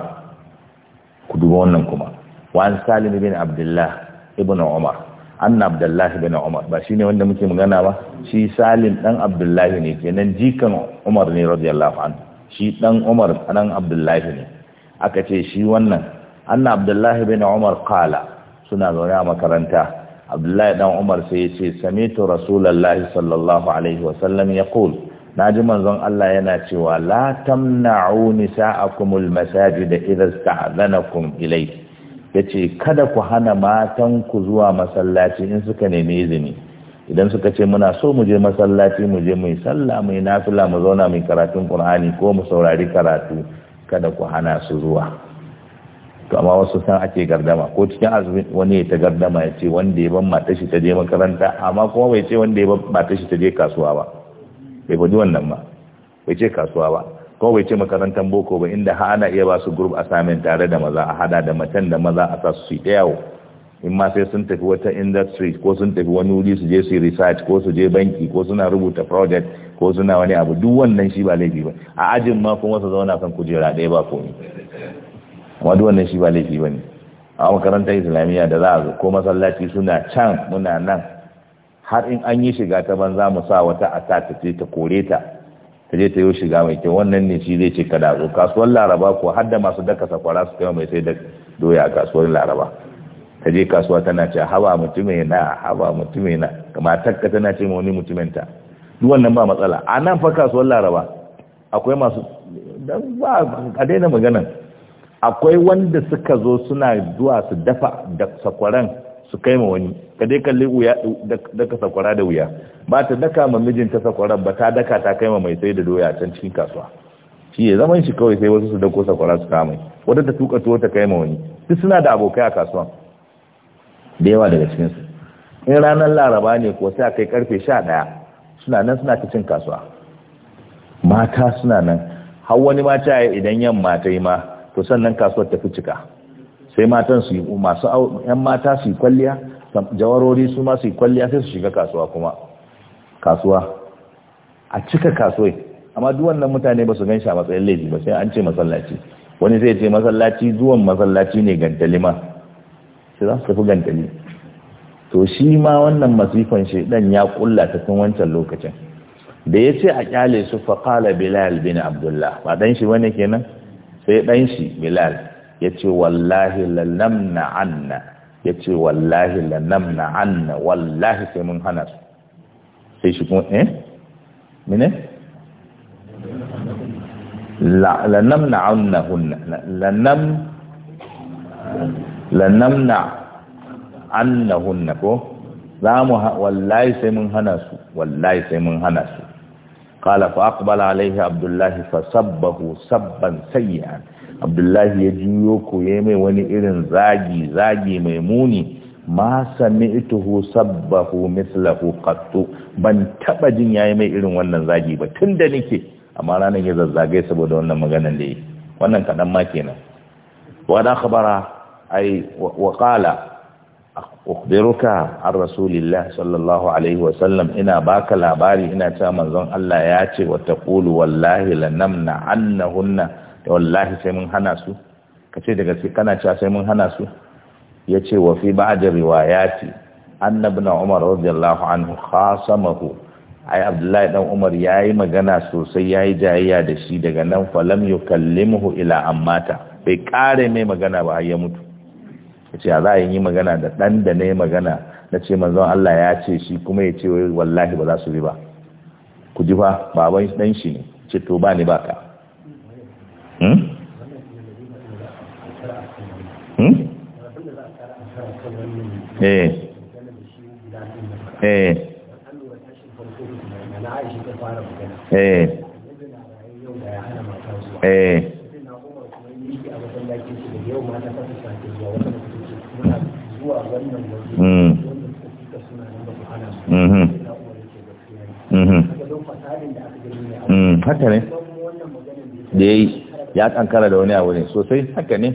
ku duba wannan kuma wa'an salim bin abdullah ibn umar anna abdullah bin umar ba shi ne wanda muke magana ba shi salim dan abdullah ne kenan jikan umar ne radiyallahu anhu shi dan umar dan abdullah ne aka ce shi wannan anna abdullah bin umar qala suna zaune a makaranta abdullahi dan umar sai ya ce samitu rasulullahi sallallahu alaihi wasallam ya kul na ji manzon Allah yana cewa la tamna'u nisa'akumul masajid idza sta'zanakum ilay yace kada ku hana matan ku zuwa masallaci in suka nemi izini idan suka ce muna so mu je masallaci mu je mu yi sallah mu yi nafila mu zauna mu karatun qur'ani ko mu saurari karatu kada ku hana su zuwa to amma wasu san ake gardama ko cikin azumi wani ya ta gardama ya ce wanda ya ban mata shi ta je makaranta amma kuma bai ce wanda ya ban mata shi ta je kasuwa ba bai faɗi wannan ba bai ce kasuwa ba kuma bai ce makarantar boko ba inda har ana iya ba su group assignment tare da maza a hada da macen da maza a sa su yi yawo in ma sai sun tafi wata industry ko sun tafi wani wuri su je su research ko su je banki ko suna rubuta project ko suna wani abu duk wannan shi ba laifi ba a ajin ma kuma su zauna kan kujera ɗaya ba komai wadu duk wannan shi ba laifi ba ne a makarantar islamiyya da za a zo ko masallaci suna can muna nan har in an yi shiga ta banza mu sa wata a ta tafi ta kore ta ta je ta yi shiga mai kyau wannan ne shi zai ce ka zo kasuwar laraba ko har da masu daka sakwara su kai mai sai da doya a kasuwar laraba ta je kasuwa tana ce hawa mutume na hawa mutume na kama takka tana ce ma wani mutumin ta duk wannan ba matsala a nan fa kasuwar laraba akwai masu dan ba a daina maganan akwai wanda suka zo suna zuwa su dafa da sakwaran su kai ma wani ka dai kalli wuya daka sakwara da wuya ba ta daka ma mijinta sakwaran ba ta daka ta kai ma mai sai da doya can cikin kasuwa shi ya zaman shi kawai sai wasu su dako sakwara su kama wata ta tuka tuwo ta kai ma wani duk suna da abokai a kasuwa da yawa daga cikin su in ranar laraba ne ko sai a kai karfe sha daya. suna nan suna ta cin kasuwa mata suna nan har wani mata idan yamma ta yi ma to sannan kasuwar tafi cika sai matan su yi masu yan mata su yi kwalliya jawarori su ma su yi kwalliya sai su shiga kasuwa kuma kasuwa a cika kasuwai amma duk wannan mutane ba su gan shi a matsayin laifi ba sai an ce masallaci wani zai ce masallaci zuwan masallaci ne gantali ma sai za su tafi gantali to shi ma wannan masifan dan ya kulla ta tun wancan lokacin da ya ce a kyale su faƙala bilal bin abdullah ba dan shi wani kenan sai ɗan shi bilal ya ce wallahi lanamna anna ya ce wallahi lanamna anna wallahi sai mun hana su sai shi kuma eh mine lanamna anna hunna lanam lanamna anna hunna ko za mu wallahi sai mun hana su wallahi sai mun hana su qala fa aqbala alaihi abdullahi fa sabbahu sabban sayyi'an abdullahi ya juyo ko yayi mai wani irin zagi zagi mai muni ma sami'tuhu sabbahu mithlahu qattu ban taba jin yayi mai irin wannan zagi ba tunda nake amma ranar ya zazzagai saboda wannan maganar da yi wannan kadan ma kenan wa da khabara ai wa qala ukhbiruka an rasulillah sallallahu alaihi wa sallam ina baka labari ina ta manzon Allah ya ce wa taqulu wallahi lanamna annahunna wallahi sai mun hana su kace daga sai kana cewa sai mun hana su yace wa fi ba'd riwayati annabi umar radiyallahu anhu khasamahu ai abdullahi dan umar yayi magana sosai yayi jayayya da shi daga nan falam yukallimuhu ila ammata bai kare mai magana ba ya mutu ce ya za a yi magana da dan da yi magana na ce manzon Allah ya ce shi kuma ya ce wallahi ba za su bi ba ku ji fa baban dan shi ne ce to ba ni ba ka hmm? Hmm? eh eh eh, eh. haka ne da ya yi ya kankara da wani abu ne sosai haka ne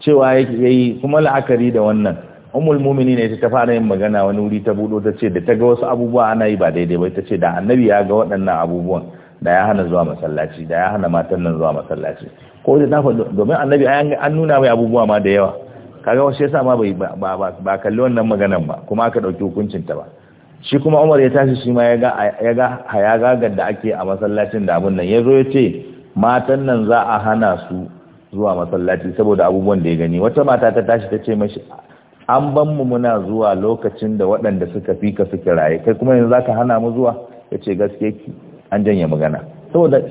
cewa ya yi kuma la'akari da wannan umul mumini ne ta fara yin magana wani wuri ta budo ta ce da ta ga wasu abubuwa ana yi ba daidai bai ta ce da annabi ya ga waɗannan abubuwan da ya hana zuwa masallaci da ya hana matan nan zuwa masallaci ko da ta faɗo domin annabi an nuna mai abubuwa ma da yawa kaga wasu yasa ma bai ba kalli wannan maganan ba kuma aka ɗauki hukuncin ta ba shi kuma umar ya tashi shi ma ya ga hayagagar da ake a masallacin da abin nan ya zo ya ce matan nan za a hana su zuwa masallaci saboda abubuwan da ya gani wata mata ta tashi ta ce mashi an ban mu muna zuwa lokacin da waɗanda suka fi ka suka raye kai kuma yanzu za ka hana mu zuwa ya ce gaske ki an janye magana saboda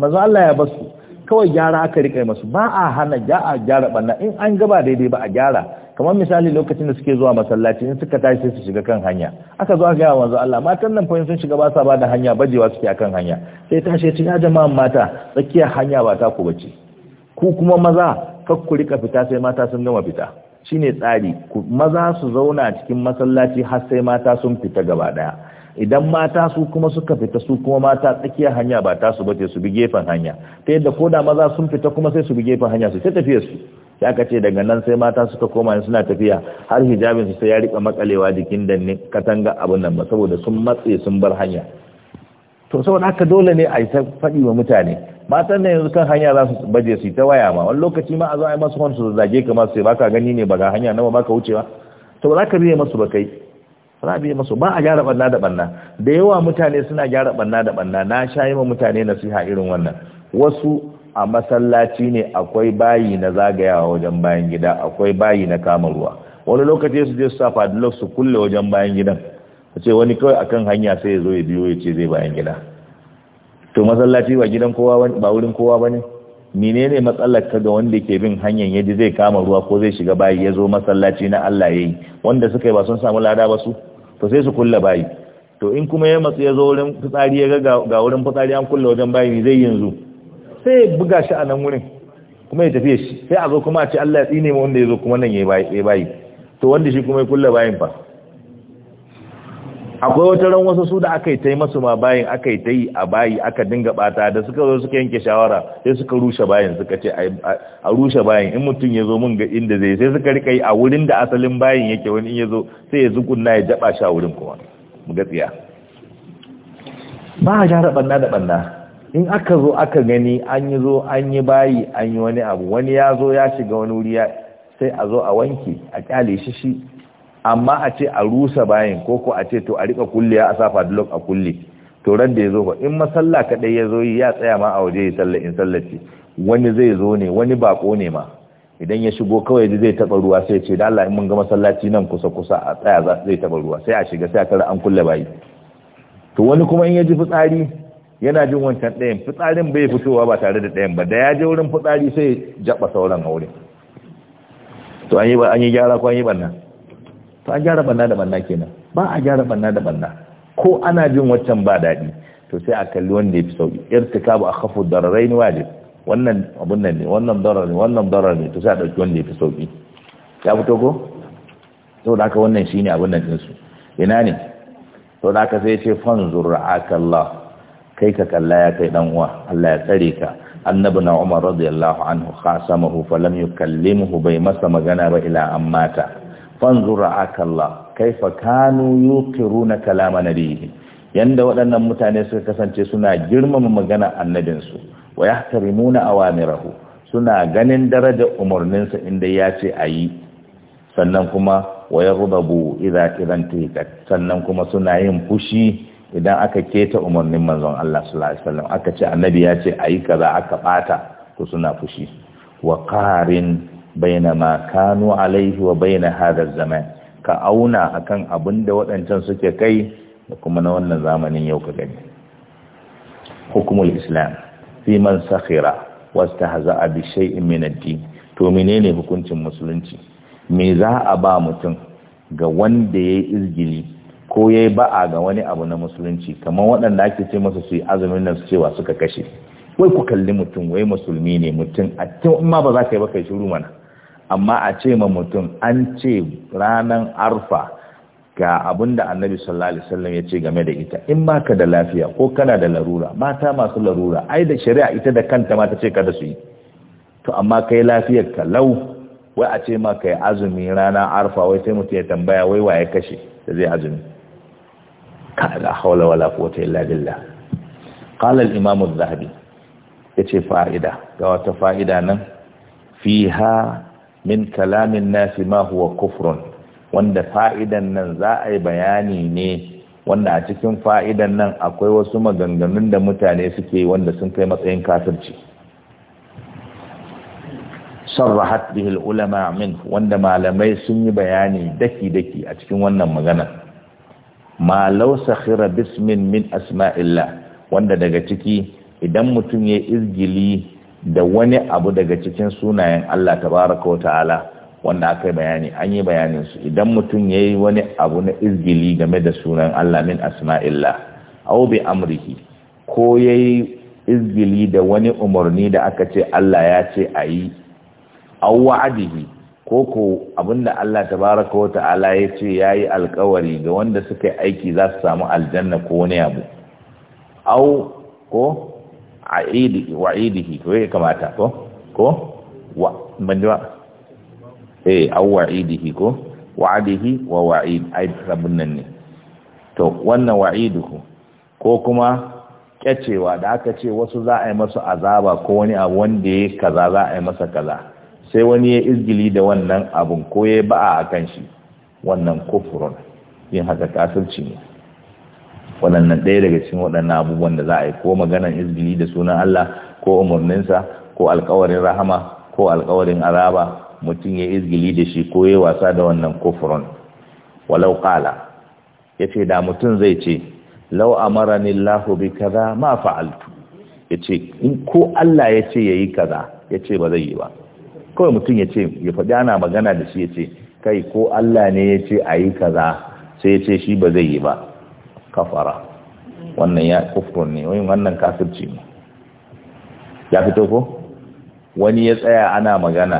manzo Allah ya basu kawai gyara aka rika masu ba a hana ja a gyara banna in an gaba daidai ba a gyara kamar misali lokacin da suke zuwa masallaci in suka tashi su shiga kan hanya aka zo a gaya wanzu Allah matan nan fa sun shiga ba sa ba da hanya bajewa suke akan hanya sai ta shi ya jama'an mata tsakiyar hanya ba ta ku bace ku kuma maza kar ku rika fita sai mata sun gama fita shine tsari maza su zauna cikin masallaci har sai mata sun fita gaba daya idan mata su kuma suka fita su kuma mata tsakiyar hanya ba ta su bace su bi gefen hanya ta yadda ko da maza sun fita kuma sai su bi gefen hanya su ta tafiya su ya ce daga nan sai mata suka koma suna tafiya har hijabin su sai ya rika makalewa jikin danne katanga abun nan ba saboda sun matse sun bar hanya to saboda haka dole ne a yi faɗi wa mutane matan nan yanzu kan hanya za su baje su ta waya ma wani lokaci ma a zo a yi masu wani su zage kamar su ba baka gani ne ba ga hanya nawa baka wucewa to ba za ka biye masu ba kai za a biya masu ba a gyara banna da banna da yawa mutane suna gyara banna da banna na sha yi ma mutane nasiha irin wannan wasu a masallaci ne akwai bayi na zagayawa wajen bayan gida akwai bayi na kama ruwa wani lokaci su je su sa padlock su kulle wajen bayan gidan a ce wani kawai akan hanya sai ya zo ya biyo ya ce zai bayan gida to masallaci ba gidan kowa ba wurin kowa bane menene matsalar ka ga wanda ke bin hanyar yaji zai kama ruwa ko zai shiga bayi ya zo masallaci na Allah yayi wanda suka yi ba sun samu lada ba su to sai su kulla bayi to in kuma ya matsu ya zo wurin fitsari ya ga wurin fitsari an kulla wajen bayi ne zai yanzu sai ya buga shi a nan wurin kuma ya tafiye shi sai a zo kuma a ce Allah ya tsine ma wanda ya zo kuma nan ya bayi to wanda shi kuma ya kulla bayin fa akwai wata ran wasu su da aka yi ta yi masu ma bayin aka yi ta yi a bayi aka dinga bata da suka zo suka yanke shawara sai suka rushe bayin suka ce a rushe bayin in mutum ya zo ga inda zai sai suka rika yi a wurin da asalin bayin yake wani in ya zo sai ya zukunna ya jaba shi a wurin kuma mu ga tsiya ba a gyara banna da banna in aka zo aka gani an yi zo an yi bayi an yi wani abu wani ya zo ya shiga wani wuri sai a zo a wanke a kyale shi shi amma a ce a rusa bayan ko ko a ce to a rika kulle a asafa dulok a kulle to ran da ya zo in masalla kadai yazo zo ya tsaya ma a waje ya salla in sallaci wani zai zo ne wani bako ne ma idan ya shigo kawai zai taba ruwa sai ce da Allah in mun ga masallaci nan kusa kusa a tsaya zai taba ruwa sai a shiga sai a kar an kulle bayi to wani kuma in ya ji fitsari yana jin wancan ɗayan fitsarin bai fitowa ba tare da ɗayan ba da ya je wurin fitsari sai jaba sauran a to an yi gyara ko an yi nan. to a gyara banna da banna kenan ba a gyara banna da banna ko ana jin waccan ba daɗi to sai a kalli wanda ya fi sauki irtikabu akhafu dararain wajib wannan abun nan ne wannan darar ne wannan darar ne to sai a dauki wanda ya fi sauki ya fito ko da haka wannan shine abun nan din su ina ne da haka sai ya ce fanzur akallah kai ka kalla ya kai dan uwa Allah ya tsare ka Annabi na umar radiyallahu anhu khasamahu falam yukallimuhu bai masa magana ba ila ammata fanzur kai fa kanu na kalama nabiyhi yanda waɗannan mutane suka kasance suna girmama magana annabinsu wa yahtarimuna awamirahu suna ganin darajar umarninsa inda ya ce a yi sannan kuma wa yaghdabu idza kirantika sannan kuma suna yin fushi idan aka keta umarnin manzon Allah sallallahu aka ce annabi ya ce ayi kaza aka bata to suna fushi wa qarin bainama kanu alaihi wa baina hadha zaman ka auna akan abin da waɗancan suke kai da kuma na wannan zamanin yau ka gani hukumul islam fi man sakhira wastahza'a bi shay'in min ad-din to menene hukuncin musulunci me za a ba mutum ga wanda yayi izgili ko yayi ba'a ga wani abu na musulunci kamar waɗanda ake ce masa su azumin nan su cewa suka kashe wai ku kalli mutum wai musulmi ne mutum a cikin ma ba za ka yi ba kai shiru mana amma a ce ma mutum an ce ranan arfa ga abin da annabi sallallahu alaihi wasallam ya ce game da ita in ka da lafiya ko kana da larura mata masu larura ai da shari'a ita da kanta ma ta ce kada su yi to amma kai lafiyar ka lau wai a ce ma kai azumi rana arfa wai sai mutum ya tambaya wai waye kashe da zai azumi da haula wala quwwata illa billah qala al-imam az-zahabi yace fa'ida ga wata fa'ida nan fiha min kalamin nasi ma huwa kufrun wanda fa'idan nan za a yi bayani ne wanda a cikin fa'idan nan akwai wasu maganganun da mutane suke wanda sun kai matsayin kafirci sarrahat bihi ulama min wanda malamai sun yi bayani daki-daki a cikin wannan maganar ma law sakhira bismin min asma'illah wanda daga ciki idan mutum ya izgili da wani abu daga cikin sunayen Allah tabaraka wa ta'ala wanda aka bayani an yi bayanin su idan mutum ya yi wani abu na izgili game da sunan Allah min asma'illah au bi amrihi ko ya yi izgili da wani umarni da aka ce Allah ya ce a yi au wa'adihi ko ko abinda Allah tabaraka wa ta'ala ya ce ya yi alkawari ga wanda suka yi aiki za su samu aljanna ko wani abu au ko a idihi wa idihi to ya kamata ko ko wa banjuwa eh aw wa'idihi ko wa'adihi wa wa'id ai sabun nan ne to wannan wa'iduhu ko kuma kyacewa da aka ce wasu za a yi masa azaba ko wani abu wanda ya kaza za a yi masa kaza sai wani ya izgili da wannan abun ko ya ba'a akan shi wannan kufurun yin haka kafirci ne waɗannan ɗaya daga cikin waɗannan abubuwan da za a yi ko maganan izbili da sunan Allah ko umarninsa ko alkawarin rahama ko alkawarin azaba mutum ya izgili da shi ko ya wasa da wannan kofron walau ya ce da mutum zai ce lau amarani lahu bi kaza ma fa'altu ya in ko Allah ya ce ya yi kaza ya ce ba zai yi ba kawai mutum ya ce ya faɗi ana magana da shi ya ce kai ko Allah ne ya ce a yi kaza sai ya ce shi ba zai yi ba kafara wannan ya kufrun ne wani wannan kafirci ne ya fito ko wani ya tsaya ana magana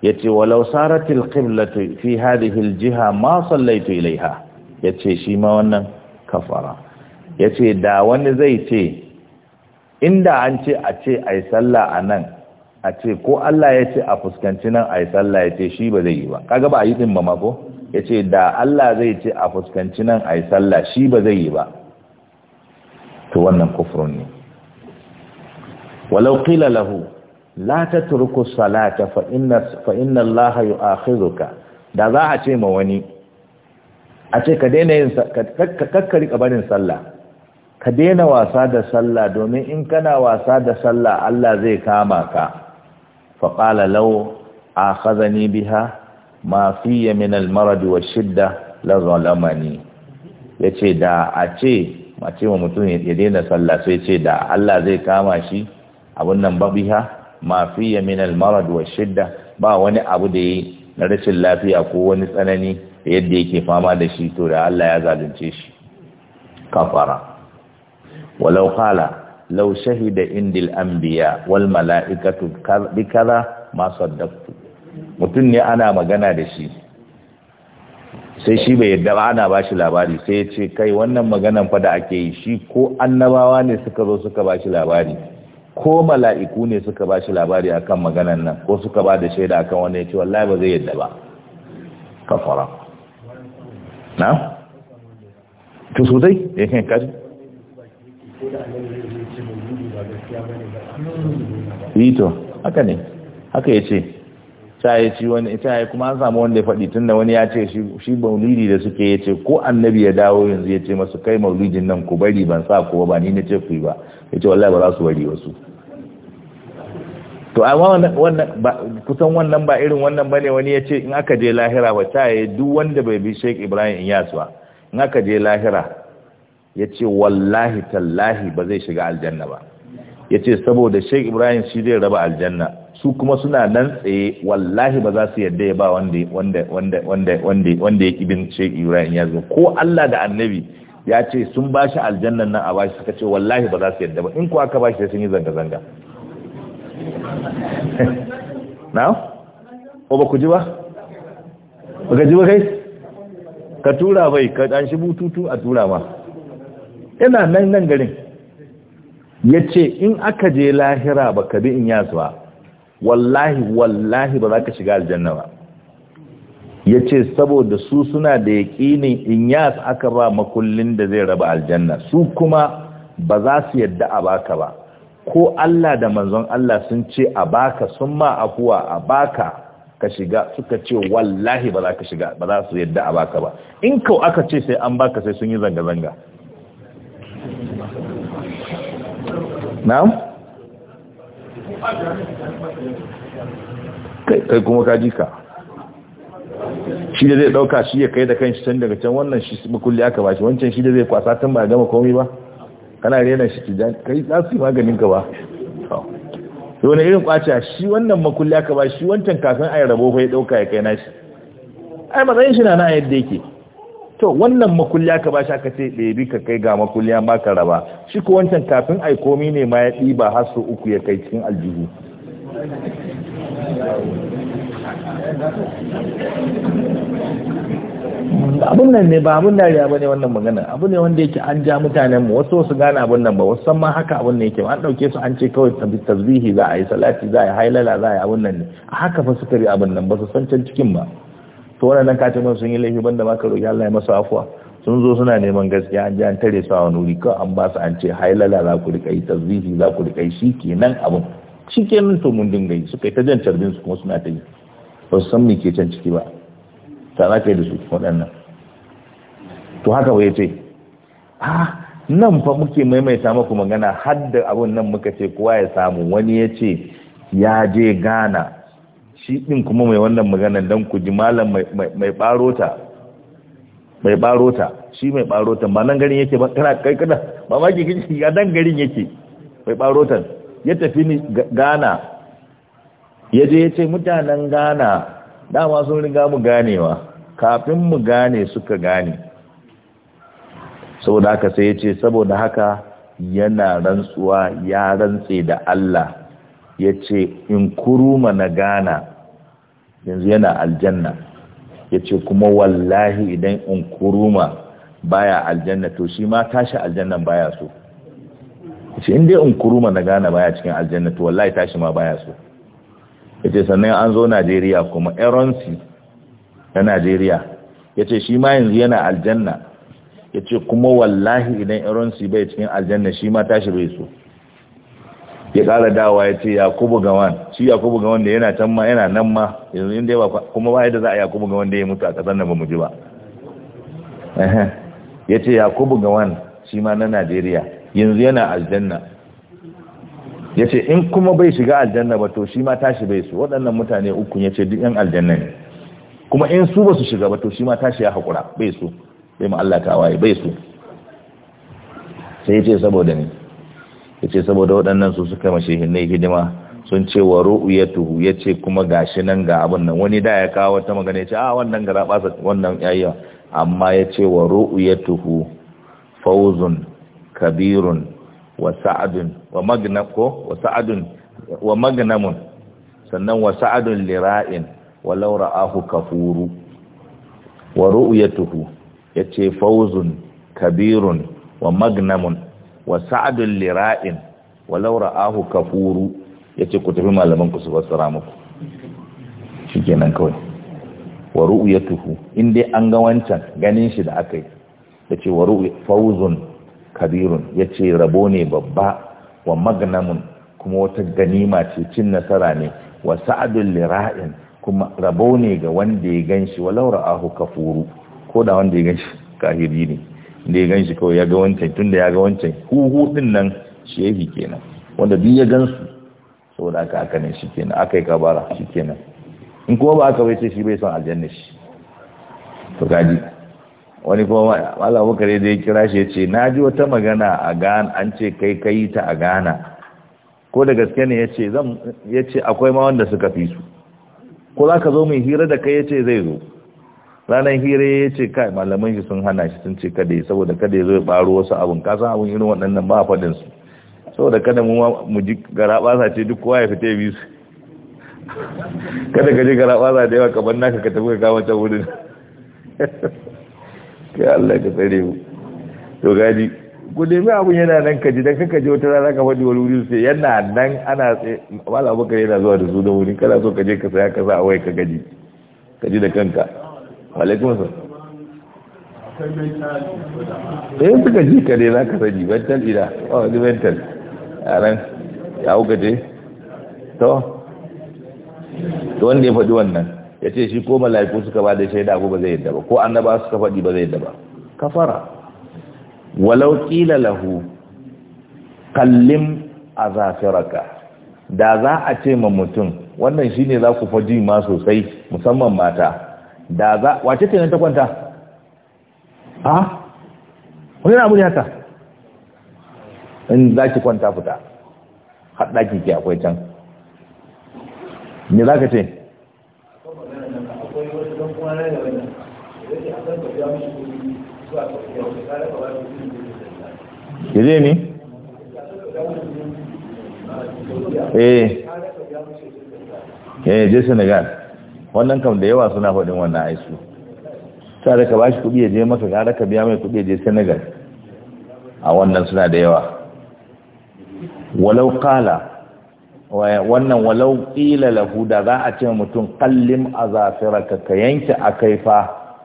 ya ce walau saratil qiblatu fi hadhihi aljiha ma sallaitu ilaiha ya ce shi ma wannan kafara ya ce da wani zai ce inda an ce a ce yi sallah a nan a ce ko Allah ya ce a fuskanci nan ai sallah ya ce shi ba zai yi ba kaga ba a yi din ba ma ko ya ce da Allah zai ce a fuskanci nan a yi sallah shi ba zai yi ba to wannan kufrun ne walau qila lahu la turku salata fa inna Allah inna Allah da za a ce ma wani a ce ka daina yin kakkari kabarin sallah ka daina wasa da sallah domin in kana wasa da sallah Allah zai kama ka fa lau a khazani biha ma fiye min almaradi wa shidda la zalamani yace da a ce Ma ce wa mutum ya daina sallah sai ce da Allah zai kama shi abun nan babiha ma fiye min almarad wa shidda ba wani abu da yi na rashin lafiya ko wani tsanani da yadda yake fama da shi to da Allah ya zalunce shi kafara walau qala law shahida indil anbiya wal mala'ikatu bi kaza ma saddaqtu mutum ne ana magana da shi sai shi bai yadda ba ana ba shi labari sai ya ce kai wannan maganan fa da ake yi shi ko annabawa ne suka zo suka bashi labari ko mala'iku ne suka bashi labari akan maganan nan ko suka ba da shaida akan wanda ya ce wallahi ba zai yadda ba kafara na to sosai eh kaji ito haka ne haka ya ce ta yi ci wani ita yi kuma an samu wanda ya faɗi tun da wani ya ce shi maulidi da suke ya ce ko annabi ya dawo yanzu ya ce masu kai maulidin nan ku bari ban sa ku ba ni na ce ku yi ba ya ce wallahi ba za su bari wasu to amma kusan wannan ba irin wannan ba ne wani ya ce in aka je lahira ba ta yi duk wanda bai bi sheik ibrahim in yasu ba in aka je lahira ya ce wallahi tallahi ba zai shiga aljanna ba ya ce saboda sheik ibrahim shi zai raba aljanna su kuma suna nan tsaye wallahi ba za su yadda ya ba wanda ya ibin ce Ibrahim ya zo ko Allah da Annabi ya ce sun ba shi aljannan nan a bashi suka ce wallahi ba za su yadda ba in ko aka ba shi sun yi zanga zanga na ko ba ku ji ba ba ka ji ba kai ka tura bai ka dan shi bututu a tura ma ina nan nan garin ya ce in aka je lahira ba ka bi in yasuwa wallahi wallahi ba za ka shiga aljanna ba ya ce saboda su suna da yaƙinin in yas aka ba makullin da zai raba aljanna su kuma ba za su yadda a baka ba ko Allah da manzon Allah sun ce a baka sun ma afuwa a baka ka shiga suka ce wallahi ba za ka shiga ba za su yadda a baka ba in kau aka ce sai an baka sai sun yi zanga-zanga na'am kai kuma ka jika shi da zai dauka shi ya kai da kan shi can daga can wannan shi makulli aka shi wancan shi da zai kwasa tun ba gama komai ba kana rena shi jan kai za su yi maganin ka ba yau na irin kwace shi wannan makulli aka ba shi wancan kafin a yi rabo ya dauka ya kai na shi ai matsayin shi na na yadda yake to wannan ka ba bashi aka ce ɗebi ka kai ga makulya ma ka raba shi ko wancan kafin ai komi ne ma ya ɗiba har su uku ya kai cikin aljihu abun nan ne ba abun dariya ba ne wannan magana abu ne wanda yake an ja mutanen mu wasu su gane abun nan ba wasu san ma haka abun ne yake an dauke su an ce kawai tasbihi za a yi salati za a yi hailala za a yi abun nan ne a haka fa suka yi abun nan ba su san can cikin ba to wannan kace mun sun yi laifi banda maka ka roki Allah ya masa afuwa sun zo suna neman gaskiya an ji an tare su a wani wuri kawai an ba su an ce hailala za ku rika yi tasbihi za ku rika yi shi kenan abin shi kenan to mun dinga yi suka yi ta jan carbin su kuma suna ta yi ba su san me ke can ciki ba ta za ka yi da su waɗannan to haka bai ce a nan fa muke maimaita muku magana har da abin nan muka ce kowa ya samu wani ya ce ya je Ghana shi ɗin kuma mai wannan maganan don ku ji malam mai ɓarota mai ɓarota shi mai ɓarotan ba nan garin yake ba kana kai kana ke kici ya dan garin yake mai ɓarotan ya tafi ni gana ya je ya ce mutanen gana, dama sun riga mu ganewa kafin mu gane suka gane saboda haka sai ya ce saboda haka yana rantsuwa ya rantse da Allah ya ce in kuruma na gana yanzu yana aljanna Ya ce kuma wallahi idan in kuruma baya aljanna to shi ma tashi aljannan baya so yace inda in kuruma na gane baya cikin aljanna to wallahi tashi ma baya so Ya ce sannan an zo Najeriya kuma Eronsi na Najeriya Ya ce shi ma yanzu yana aljanna Ya ce kuma wallahi idan Eronsi bai cikin aljanna shi ma tashi bai so ya ƙara dawa ya ce yakubu gawan shi yakubu gawan da yana can ma yana nan ma yanzu inda ba kuma ba yadda za a yakubu gawan da ya mutu a kasar nan ba mu ji ba ya ce yakubu gawan shi ma na najeriya yanzu yana aljanna ya ce in kuma bai shiga aljanna ba to shi ma tashi bai su waɗannan mutane uku ya ce duk yan aljanna ne kuma in su ba su shiga ba to shi ma tashi ya haƙura bai su bai mu Allah waye bai su sai ya ce saboda ni yace saboda waɗannan su suka hinnai hidima sun ce wa ya yace kuma gashi nan ga abin nan wani da ya kawo wata magana yace a ah, wannan gara basa wannan yayya amma yace wa ru'yatuhu fawzun kabirun wa sa'adun wa magnako wa sa'adun wa magnamun sannan wa sa'adun lira'in wa laura ra'ahu kafuru wa ya yace fawzun kabirun wa magnamun wa sa'adun lira'in wa laura ahu kafuru yace ku tafi malaman ku su fassara Shi kenan kawai wa tuhu, in dai an ga wancan ganin shi da aka yi ce wa ru'u Fauzun kabirun yace rabo ne babba wa magnamun kuma wata ganima ce cin nasara ne wa sa'adun lira'in kuma rabo ne ga wanda ya ganshi laura ahu kafuru ko da wanda ya ganshi kahiri ne da ya gan shi kawai ya ga wancan tun da ya ga wancan huhu din nan shehi kenan wanda duk ya gan su saboda aka aka ne shi kenan aka yi kabara shi kenan in kuma ba aka bai shi bai son aljanna shi to kaji wani kuma Allah Bukare da ya kira shi ya ce na ji wata magana a Ghana an ce kai kai ta a gana ko da gaske ne ya ce akwai ma wanda suka fi su ko za ka zo mai hira da kai ya ce zai zo ranar hira ya ce kai malaman shi sun hana shi sun ce kada yi saboda kada ya zo ya faru wasu abun kasa abun irin waɗannan ba faɗin su saboda kada mu mu ji garabasa ce duk kowa ya fita bi su kada ka ji garabasa da yawa kamar naka ka tafi ka kama ta wurin kai Allah ka tsare mu to gadi ku nemi abun yana nan ka ji dan kanka je wata rana ka faɗi wani wuri su yana nan ana tsaye malam abubakar yana zuwa da su da wuri kana so ka je ka saya ka sa a wai ka gaji ka ji da kanka alaikum salam eh suka ji ka dai za ka sani mental ina ba wani mental a nan ya wuka je to to wanda ya faɗi wannan ya ce shi ko mala'iku suka ba da shaida ko ba zai yadda ba ko annaba suka faɗi ba zai yadda ba kafara walau qila lahu kallim azafiraka da za a ce ma mutum wannan shine za ku faji ma sosai musamman mata da za wace ce nan ta kwanta a wani na muni haka in za ki kwanta fita haɗa ki akwai can ne za ka ce ki zai ne? eh eh je senegal wannan kam da yawa suna faɗin wannan aisu Ta da ka ba shi kuɗi ya je masa, gara ka biya mai kuɗi ya je senegal a wannan suna da yawa walau kala wannan walau ƙila lahu da za a ce mutum kallim a zafiraka ka yanke a akaifa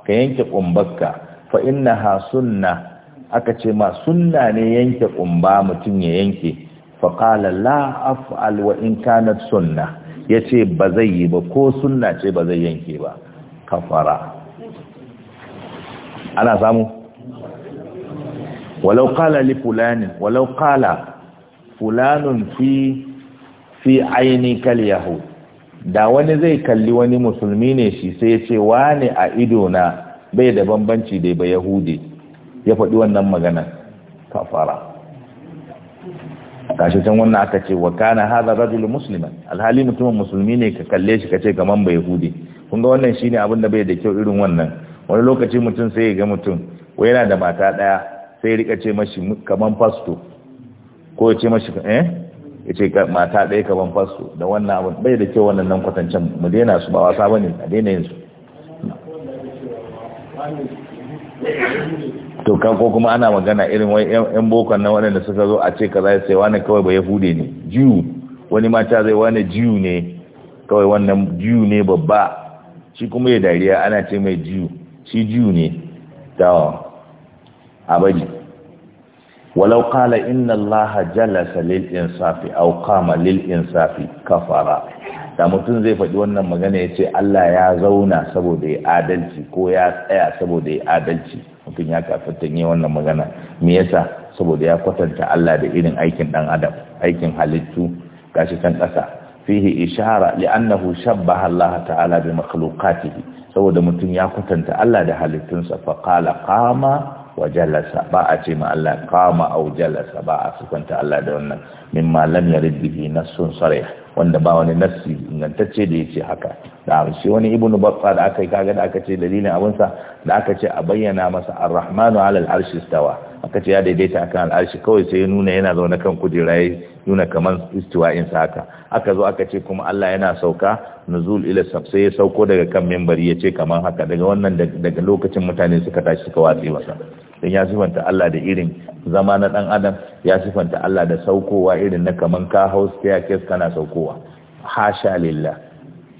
ka yanke ƙumbarka fa inna ha sunna aka ce ma sunna ne yanke ƙumba mutum ya yanke fa kala la'af alwa'in kanat sunna ya ce ba zai yi ba ko suna ce ba zai yanke ba kafara ana samu walau kala li fulani walau kala fulanun fi fi aini kal yahud da wani zai kalli wani musulmi ne shi sai ya ce wani a ido na bai da bambanci da ba yahudi ya faɗi wannan magana kafara gashi can wannan aka ce wa kana hada rajul musliman alhali mutumin musulmi ne ka kalle shi ka ce man ba yahudi kun ga wannan shine abin da bai da kyau irin wannan wani lokaci mutum sai ya ga mutum wai yana da mata daya sai ya rika ce mashi kaman fasto ko ya ce mashi eh ya ce mata daya kaman fasto da wannan abin bai da kyau wannan nan kwatancen mu daina su ba wasa bane a daina yin su to kan ko kuma ana magana irin wai yan bokon na wanda suka zo a ce kaza ya sai wani kawai ba yahude ne jiyu wani mata zai wani jiyu ne kawai wannan jiyu ne babba shi kuma ya dariya ana ce mai jiyu shi jiyu ne ta abaji walau qala inna allaha jalasa lil insafi aw qama lil insafi kafara da mutum zai faɗi wannan magana ya ce Allah ya zauna saboda ya adalci ko ya tsaya saboda ya adalci mutum ya kafirta yi wannan magana me yasa saboda ya kwatanta Allah da irin aikin dan adam aikin halittu gashi kan ƙasa fihi ishara li'annahu shabbaha Allah ta'ala bi makhluqatihi saboda mutum ya kwatanta Allah da halittunsa fa qala qama wa jalasa ba a ce ma Allah qama aw jalasa ba a sukanta Allah da wannan mimma lam yarid bihi nassun sarih wanda ba wani nassi ingantacce da yace haka da shi wani ibnu batta da aka yi kaga da aka ce dalilin abin sa da aka ce a bayyana masa ar-rahmanu ala al-arshi istawa aka ce ya daidaita akan al-arshi kawai sai ya nuna yana zaune kan kujera ya nuna kaman istiwa'in sa haka aka zo aka ce kuma Allah yana sauka nuzul ila sai ya sauko daga kan membari ya ce kaman haka daga wannan daga lokacin mutane suka tashi suka watsi masa don ya sifanta Allah da irin zama na ɗan adam ya sifanta Allah da saukowa irin na kaman ka ya kes kana saukowa hasha lillah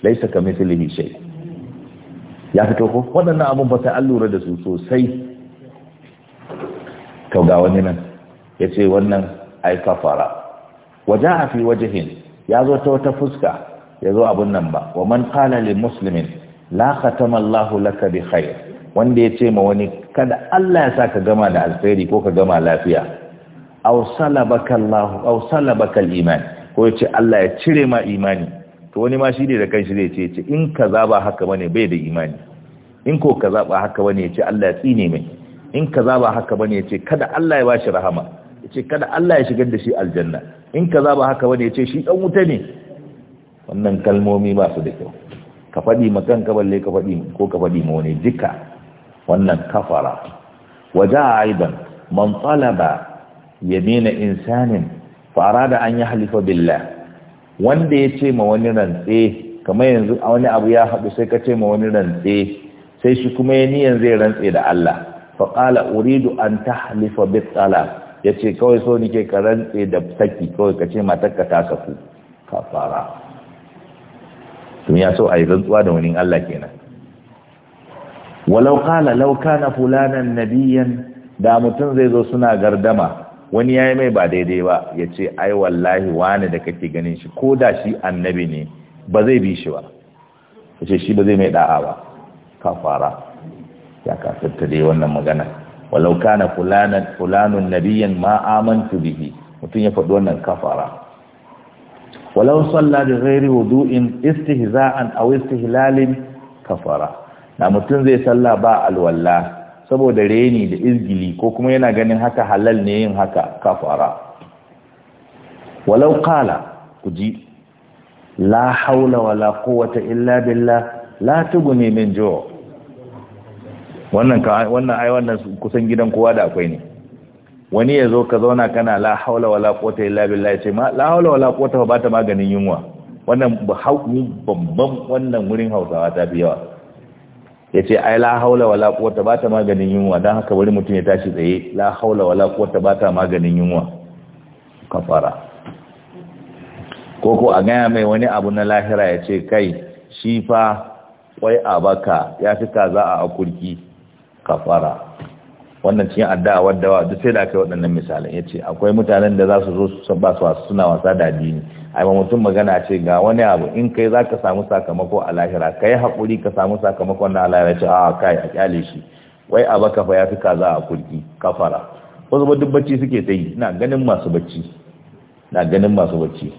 laisa ka mithlihi shai. ya fito ko waɗannan abun ba sai an lura da su sosai to ga wani nan yace wannan ai kafara a fi wajhin ya zo ta wata fuska ya zo abun nan ba wa man qala lil muslimin la khatama Allahu laka bi khair wanda ce ma wani kada Allah ya sa ka gama da alkhairi ko ka gama lafiya aw salabaka Allah iman ko yace Allah ya cire ma imani to wani ma shi ne da kanshi zai ce in kaza ba haka bane bai da imani in ko kaza ba haka bane yace Allah ya tsine mai in kaza ba haka bane yace kada Allah ya bashi rahama yace kada Allah ya shigar da shi aljanna in kaza ba haka bane yace shi dan wuta ne wannan kalmomi ba su da kyau ka faɗi ma kanka balle ka faɗi ko ka faɗi ma wani jika wannan kafara waje a aiban man talaba yamina insanin fara da an yi halifa billah wanda ya ce ma wani rantse kamar yanzu wani abu ya haɗu sai ka ce ma wani rantse sai shi kuma ya niyan zai rantse da Allah faƙala uridu an ta halifa bitsala ya ce kawai so nike ka rantse da saki kawai ka ce matakka ta saku kafara tun ya so a yi rantsuwa da wani Allah kenan walau na lau kana fulanan nabiyan da mutum zai zo suna gardama wani yayi mai ba daidai ba yace ai wallahi wani da kake ganin shi ko da shi annabi ne ba zai bi shi ba yace shi ba zai mai da'a ba kafara ya ta dai wannan magana walau kana fulanan fulanun ma amantu bihi mutum ya faɗi wannan kafara walau salla bi ghairi wudu'in istihza'an aw istihlalin kafara Na mutum zai salla ba alwalla saboda reni da izgili ko kuma yana ganin haka halal ne yin haka kafara walau ku ji, la haula wala quwwata illa billah la tuguni min jo wannan wannan ai wannan kusan gidan kowa da akwai ne wani ya zo ka zauna kana la haula wala quwwata illa billah ya ce ma la haula wala quwwata ba ta maganin yunwa wannan babban wannan wurin Hausawa ta fi yawa ya ce ai la haula wala quwwata ba ta maganin yunwa dan haka bari mutum ya tashi tsaye la haula wala quwwata ba ta maganin yunwa kafara koko a gaya mai wani abu na lahira ya ce kai shi fa wai a baka ya fi kaza a akurki kafara wannan cikin addu'a wadda duk sai da aka yi waɗannan misalan ya ce akwai mutanen da za su zo su ba su suna wasa da addini ai mutum magana ce ga wani abu in kai za ka samu sakamako a lahira ka yi haƙuri ka samu sakamakon na lahira ce a ah, kai a kyale shi wai a baka fa ya fi kaza a kulki kafara wasu ba duk bacci suke ta yi na ganin masu bacci na ganin masu bacci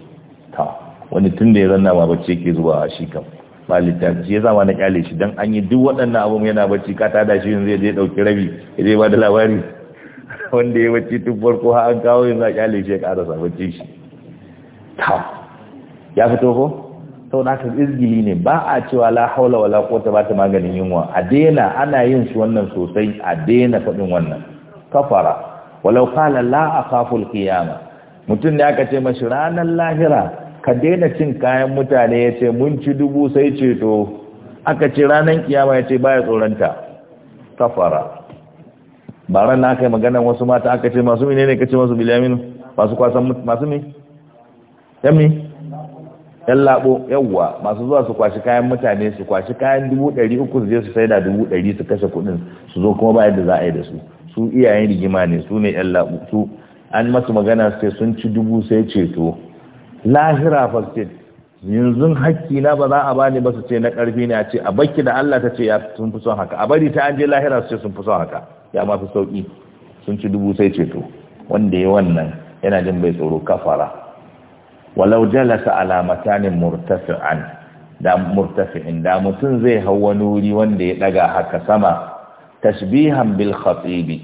ta wani tun da ya zanna ma bacci yake zuwa shi kam ba littafi ya zama na kyale shi don an yi duk waɗannan abun yana bacci ka tada shi yanzu zai je ɗauki rabi ya je ba da labari wanda ya bacci tun farko har an kawo yanzu a kyale shi ya ƙarasa bacci shi ya fito ko sau na haka izgili ne ba a cewa la haula wala quwwata ba ta maganin yunwa a daina ana yin shi wannan sosai a daina faɗin wannan kafara walau qala la akhafu alqiyama mutum ne aka ce mashi ranar lahira ka daina cin kayan mutane ya ce mun ci dubu sai ceto aka ce ranar kiyama ya ce baya tsoronta kafara ba ran na kai maganar wasu mata aka ce masu menene kace masu bilaminu masu kwasan masu me yami yan labo yawwa masu zuwa su kwashi kayan mutane su kwashi kayan dubu ɗari uku su je su sai da dubu ɗari su kashe kuɗin su zo kuma ba yadda za a yi da su su iyayen rigima ne su ne yan labo su an masu magana sai sun ci dubu sai ceto lahira fa yanzu hakki na ba za a bani ba su ce na ƙarfi ne a ce a bakki da Allah ta ce ya sun fi son haka a bari ta an je lahira su ce sun fi son haka ya ma fi sauki sun ci dubu sai ceto wanda ya wannan yana jin bai tsoro kafara walau jalasa ala matanin murtafi'an da murtafi'in da mutum zai hau wani wuri wanda ya daga haka sama tashbihan bil khatibi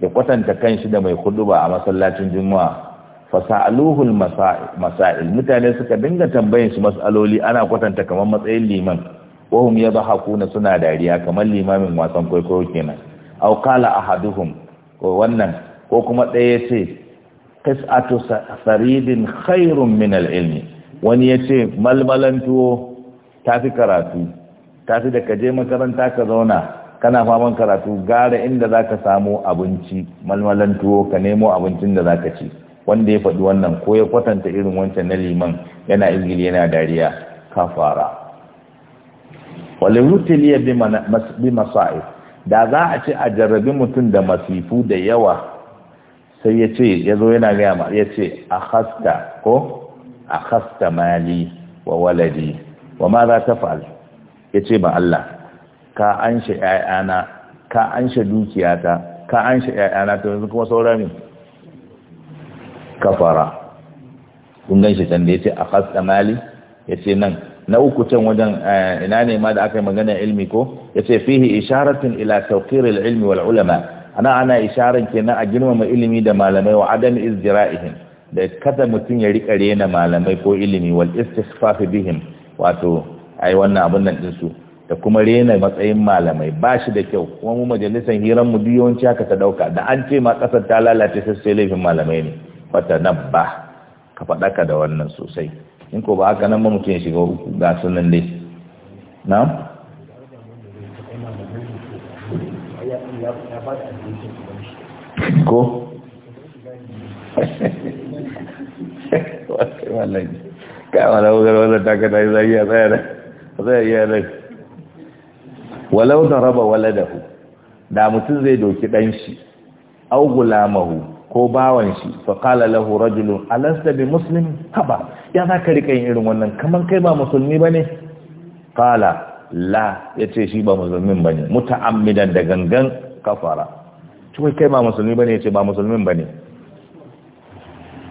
da kwatanta kanshi da mai ba a masallacin juma'a fasa'aluhu al masail mutane suka dinga tambayin shi mas'aloli ana kwatanta kamar matsayin liman wahum yadhakuna suna dariya kamar limamin wasan kwaikwayo kenan aw qala ahaduhum ko wannan ko kuma ɗaya ce qis'atu saridin khairun min al-ilmi wani yace malmalan tuwo tafi karatu tafi da kaje makaranta ka zauna kana faman karatu gara inda zaka samu abinci malmalan tuwo ka nemo abincin da zaka ci wanda ya faɗi wannan ko ya kwatanta irin wancan na liman yana izgili yana dariya kafara wale rutiliya bi masa'ib da za a ce a jarrabi mutum da masifu da yawa sai ya ce ya zo yana gaya ma ya ce a hasta ko a hasta mali wa waladi wa ma za ta fa'al ya ce ba Allah ka an shi ‘ya'yana ka an shi dukiyata ka an shi ‘ya'yana ta yanzu kuma saura ne kafara kun gan shi can da ya ce a hasta mali ya ce nan na uku can wajen eh, ina ne ma da aka yi magana ilmi ko ya ce fihi isharatin ila taukirar ilmi wal ulama ana ana isharar kenan a girmama ilimi da malamai wa adam izdira'ihim da kada mutum ya rika rena malamai ko ilimi wal fafi bihim wato ai wannan abun nan din su da kuma rena matsayin malamai ba shi da kyau kuma mu majalisar hiran mu yawanci aka ta dauka da an ce ma kasar ta lalace sai sai laifin malamai ne fata nan ba ka faɗaka da wannan sosai in ko ba haka nan ba mutum ya shiga ga sunan dai na'am ko kama na ta yi zai iya rai walau da raba waladahu da mutum zai doki ɗanshi au gulamahu ko bawan shi faƙala lahu rajulun alasta bi muslim haba ya za ka riƙa irin wannan kamar kai ba musulmi ba ne ƙala la ya ce shi ba musulmin ba ne muta'ammidan da gangan kafara cikin kai ba musulmi bane ya ce ba musulmin bane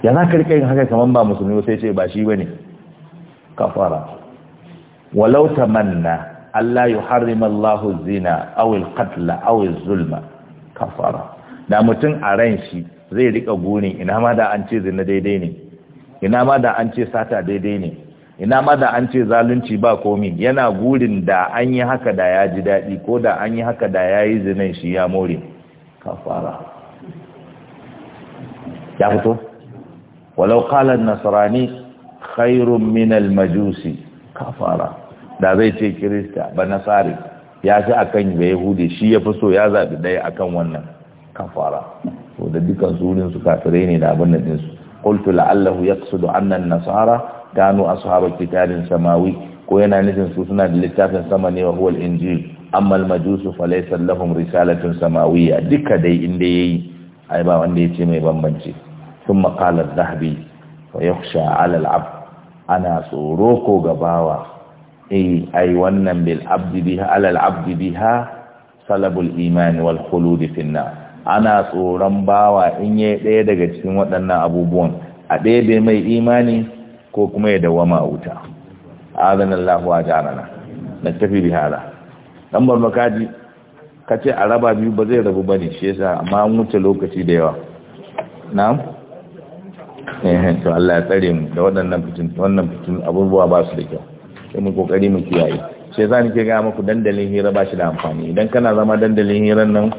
ya yana ka yin haka kamar ba musulmi sai ce ba shi ba ne? kafara walau ta manna Allah ya harrima Allahu zina awil katla awil zulma kafara da mutum a ran shi zai rika guni ina ma da an ce zina daidai ne ina ma da an ce sata daidai ne ina ma da an ce zalunci ba komi yana gurin da an yi haka da ya ji daɗi ko da an yi haka da ya yi zinan shi ya more kafara ya fito walau kalan nasarani khairun minal majusi kafara da zai ce kirista ba nasari ya fi akan ya yahudi shi ya fi so ya zaɓi ɗaya a kan wannan kafara to da dukkan su kafirai ne da abin da ɗinsu ƙultu la'allahu yaqsidu da annan nasara kanu ashabu kitabin samawi ko yana nufin su suna da littafin sama ne wa huwal injil amma almajusu falaysa lahum risalatun samawiyya duka dai inda yayi ai ba wanda yace mai bambanci thumma qala adh-dhahabi wa yakhsha 'ala al-'abd ana tsoro ko gabawa eh ai wannan bil abdi biha 'ala al-'abdi biha salabul iman wal khulud fi an-nar ana tsoron bawa in yayi daya daga cikin waɗannan abubuwan a ɗebe mai imani ko kuma ya dawama a wuta azan Allah wa jarana na tafi bi hada dan Ka ce a raba biyu ba zai rabu ba ne shi yasa amma an wuce lokaci da yawa Na. Eh, to Allah ya tsare mu da waɗannan fitin wannan fitin abubuwa ba su da kyau sai mu kokari mu kiyaye sai za ni ke ga muku dandalin hira ba shi da amfani idan kana zama dandalin hiran nan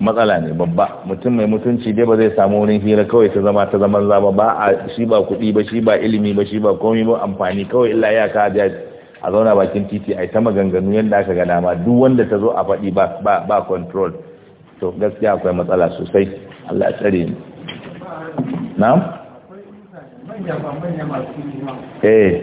matsala ne babba mutum mai mutunci dai ba zai samu wurin hira kawai ta zama ta zaman zaba ba a shi ba kuɗi ba shi ba ilimi ba shi ba komi ba amfani kawai illa ya ka da a zauna bakin titi a yi ta maganganu yadda aka ga dama duk wanda ta zo a faɗi ba ba control to gaskiya akwai matsala sosai Allah ya tsare ni na'am eh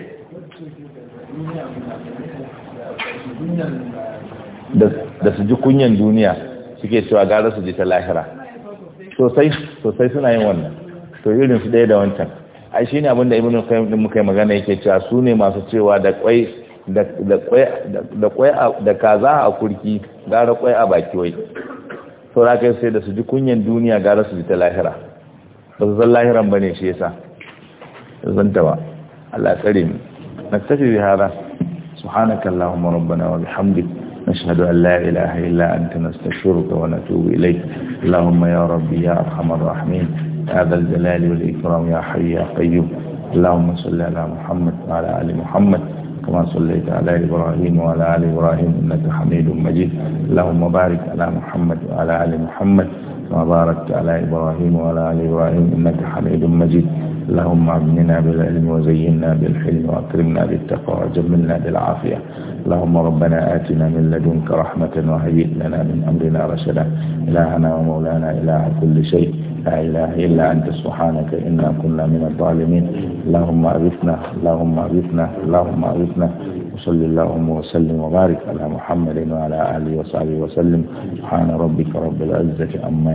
da su ji kunyan duniya suke cewa gara su ji ta lahira sosai suna yin wannan to irin su ɗaya da wancan ai shine abin da ibnu qayyim din muka yi magana yake cewa su ne masu cewa da kwai da kaza a kurki gara kwai a baki wai to ra kai sai da su ji kunyan duniya gara su ji ta lahira ba su zan lahiran bane shi yasa zan ta ba Allah ya tsare mu naktafi bi hada subhanakallahumma rabbana wa bihamdika نشهد أن لا إله إلا أنت نستشرك ونتوب إليك اللهم يا ربي يا أرحم الراحمين يا ذا الجلال والإكرام يا حي يا قيوم اللهم صل على محمد وعلى آل محمد كما صليت على إبراهيم وعلى آل إبراهيم إنك حميد مجيد اللهم بارك على محمد وعلى آل محمد وباركت على إبراهيم وعلى آل إبراهيم إنك حميد مجيد اللهم أمننا بالعلم وزينا بالحلم وأكرمنا بالتقوى وجملنا بالعافية اللهم ربنا آتنا من لدنك رحمة وهيئ لنا من أمرنا رشدا إلهنا ومولانا إله كل شيء لا إله إلا أنت سبحانك إنا كنا من الظالمين اللهم أغثنا اللهم أغثنا اللهم أغثنا وصل اللهم وسلم وبارك على محمد وعلى آله وصحبه وسلم سبحان ربك رب العزة عما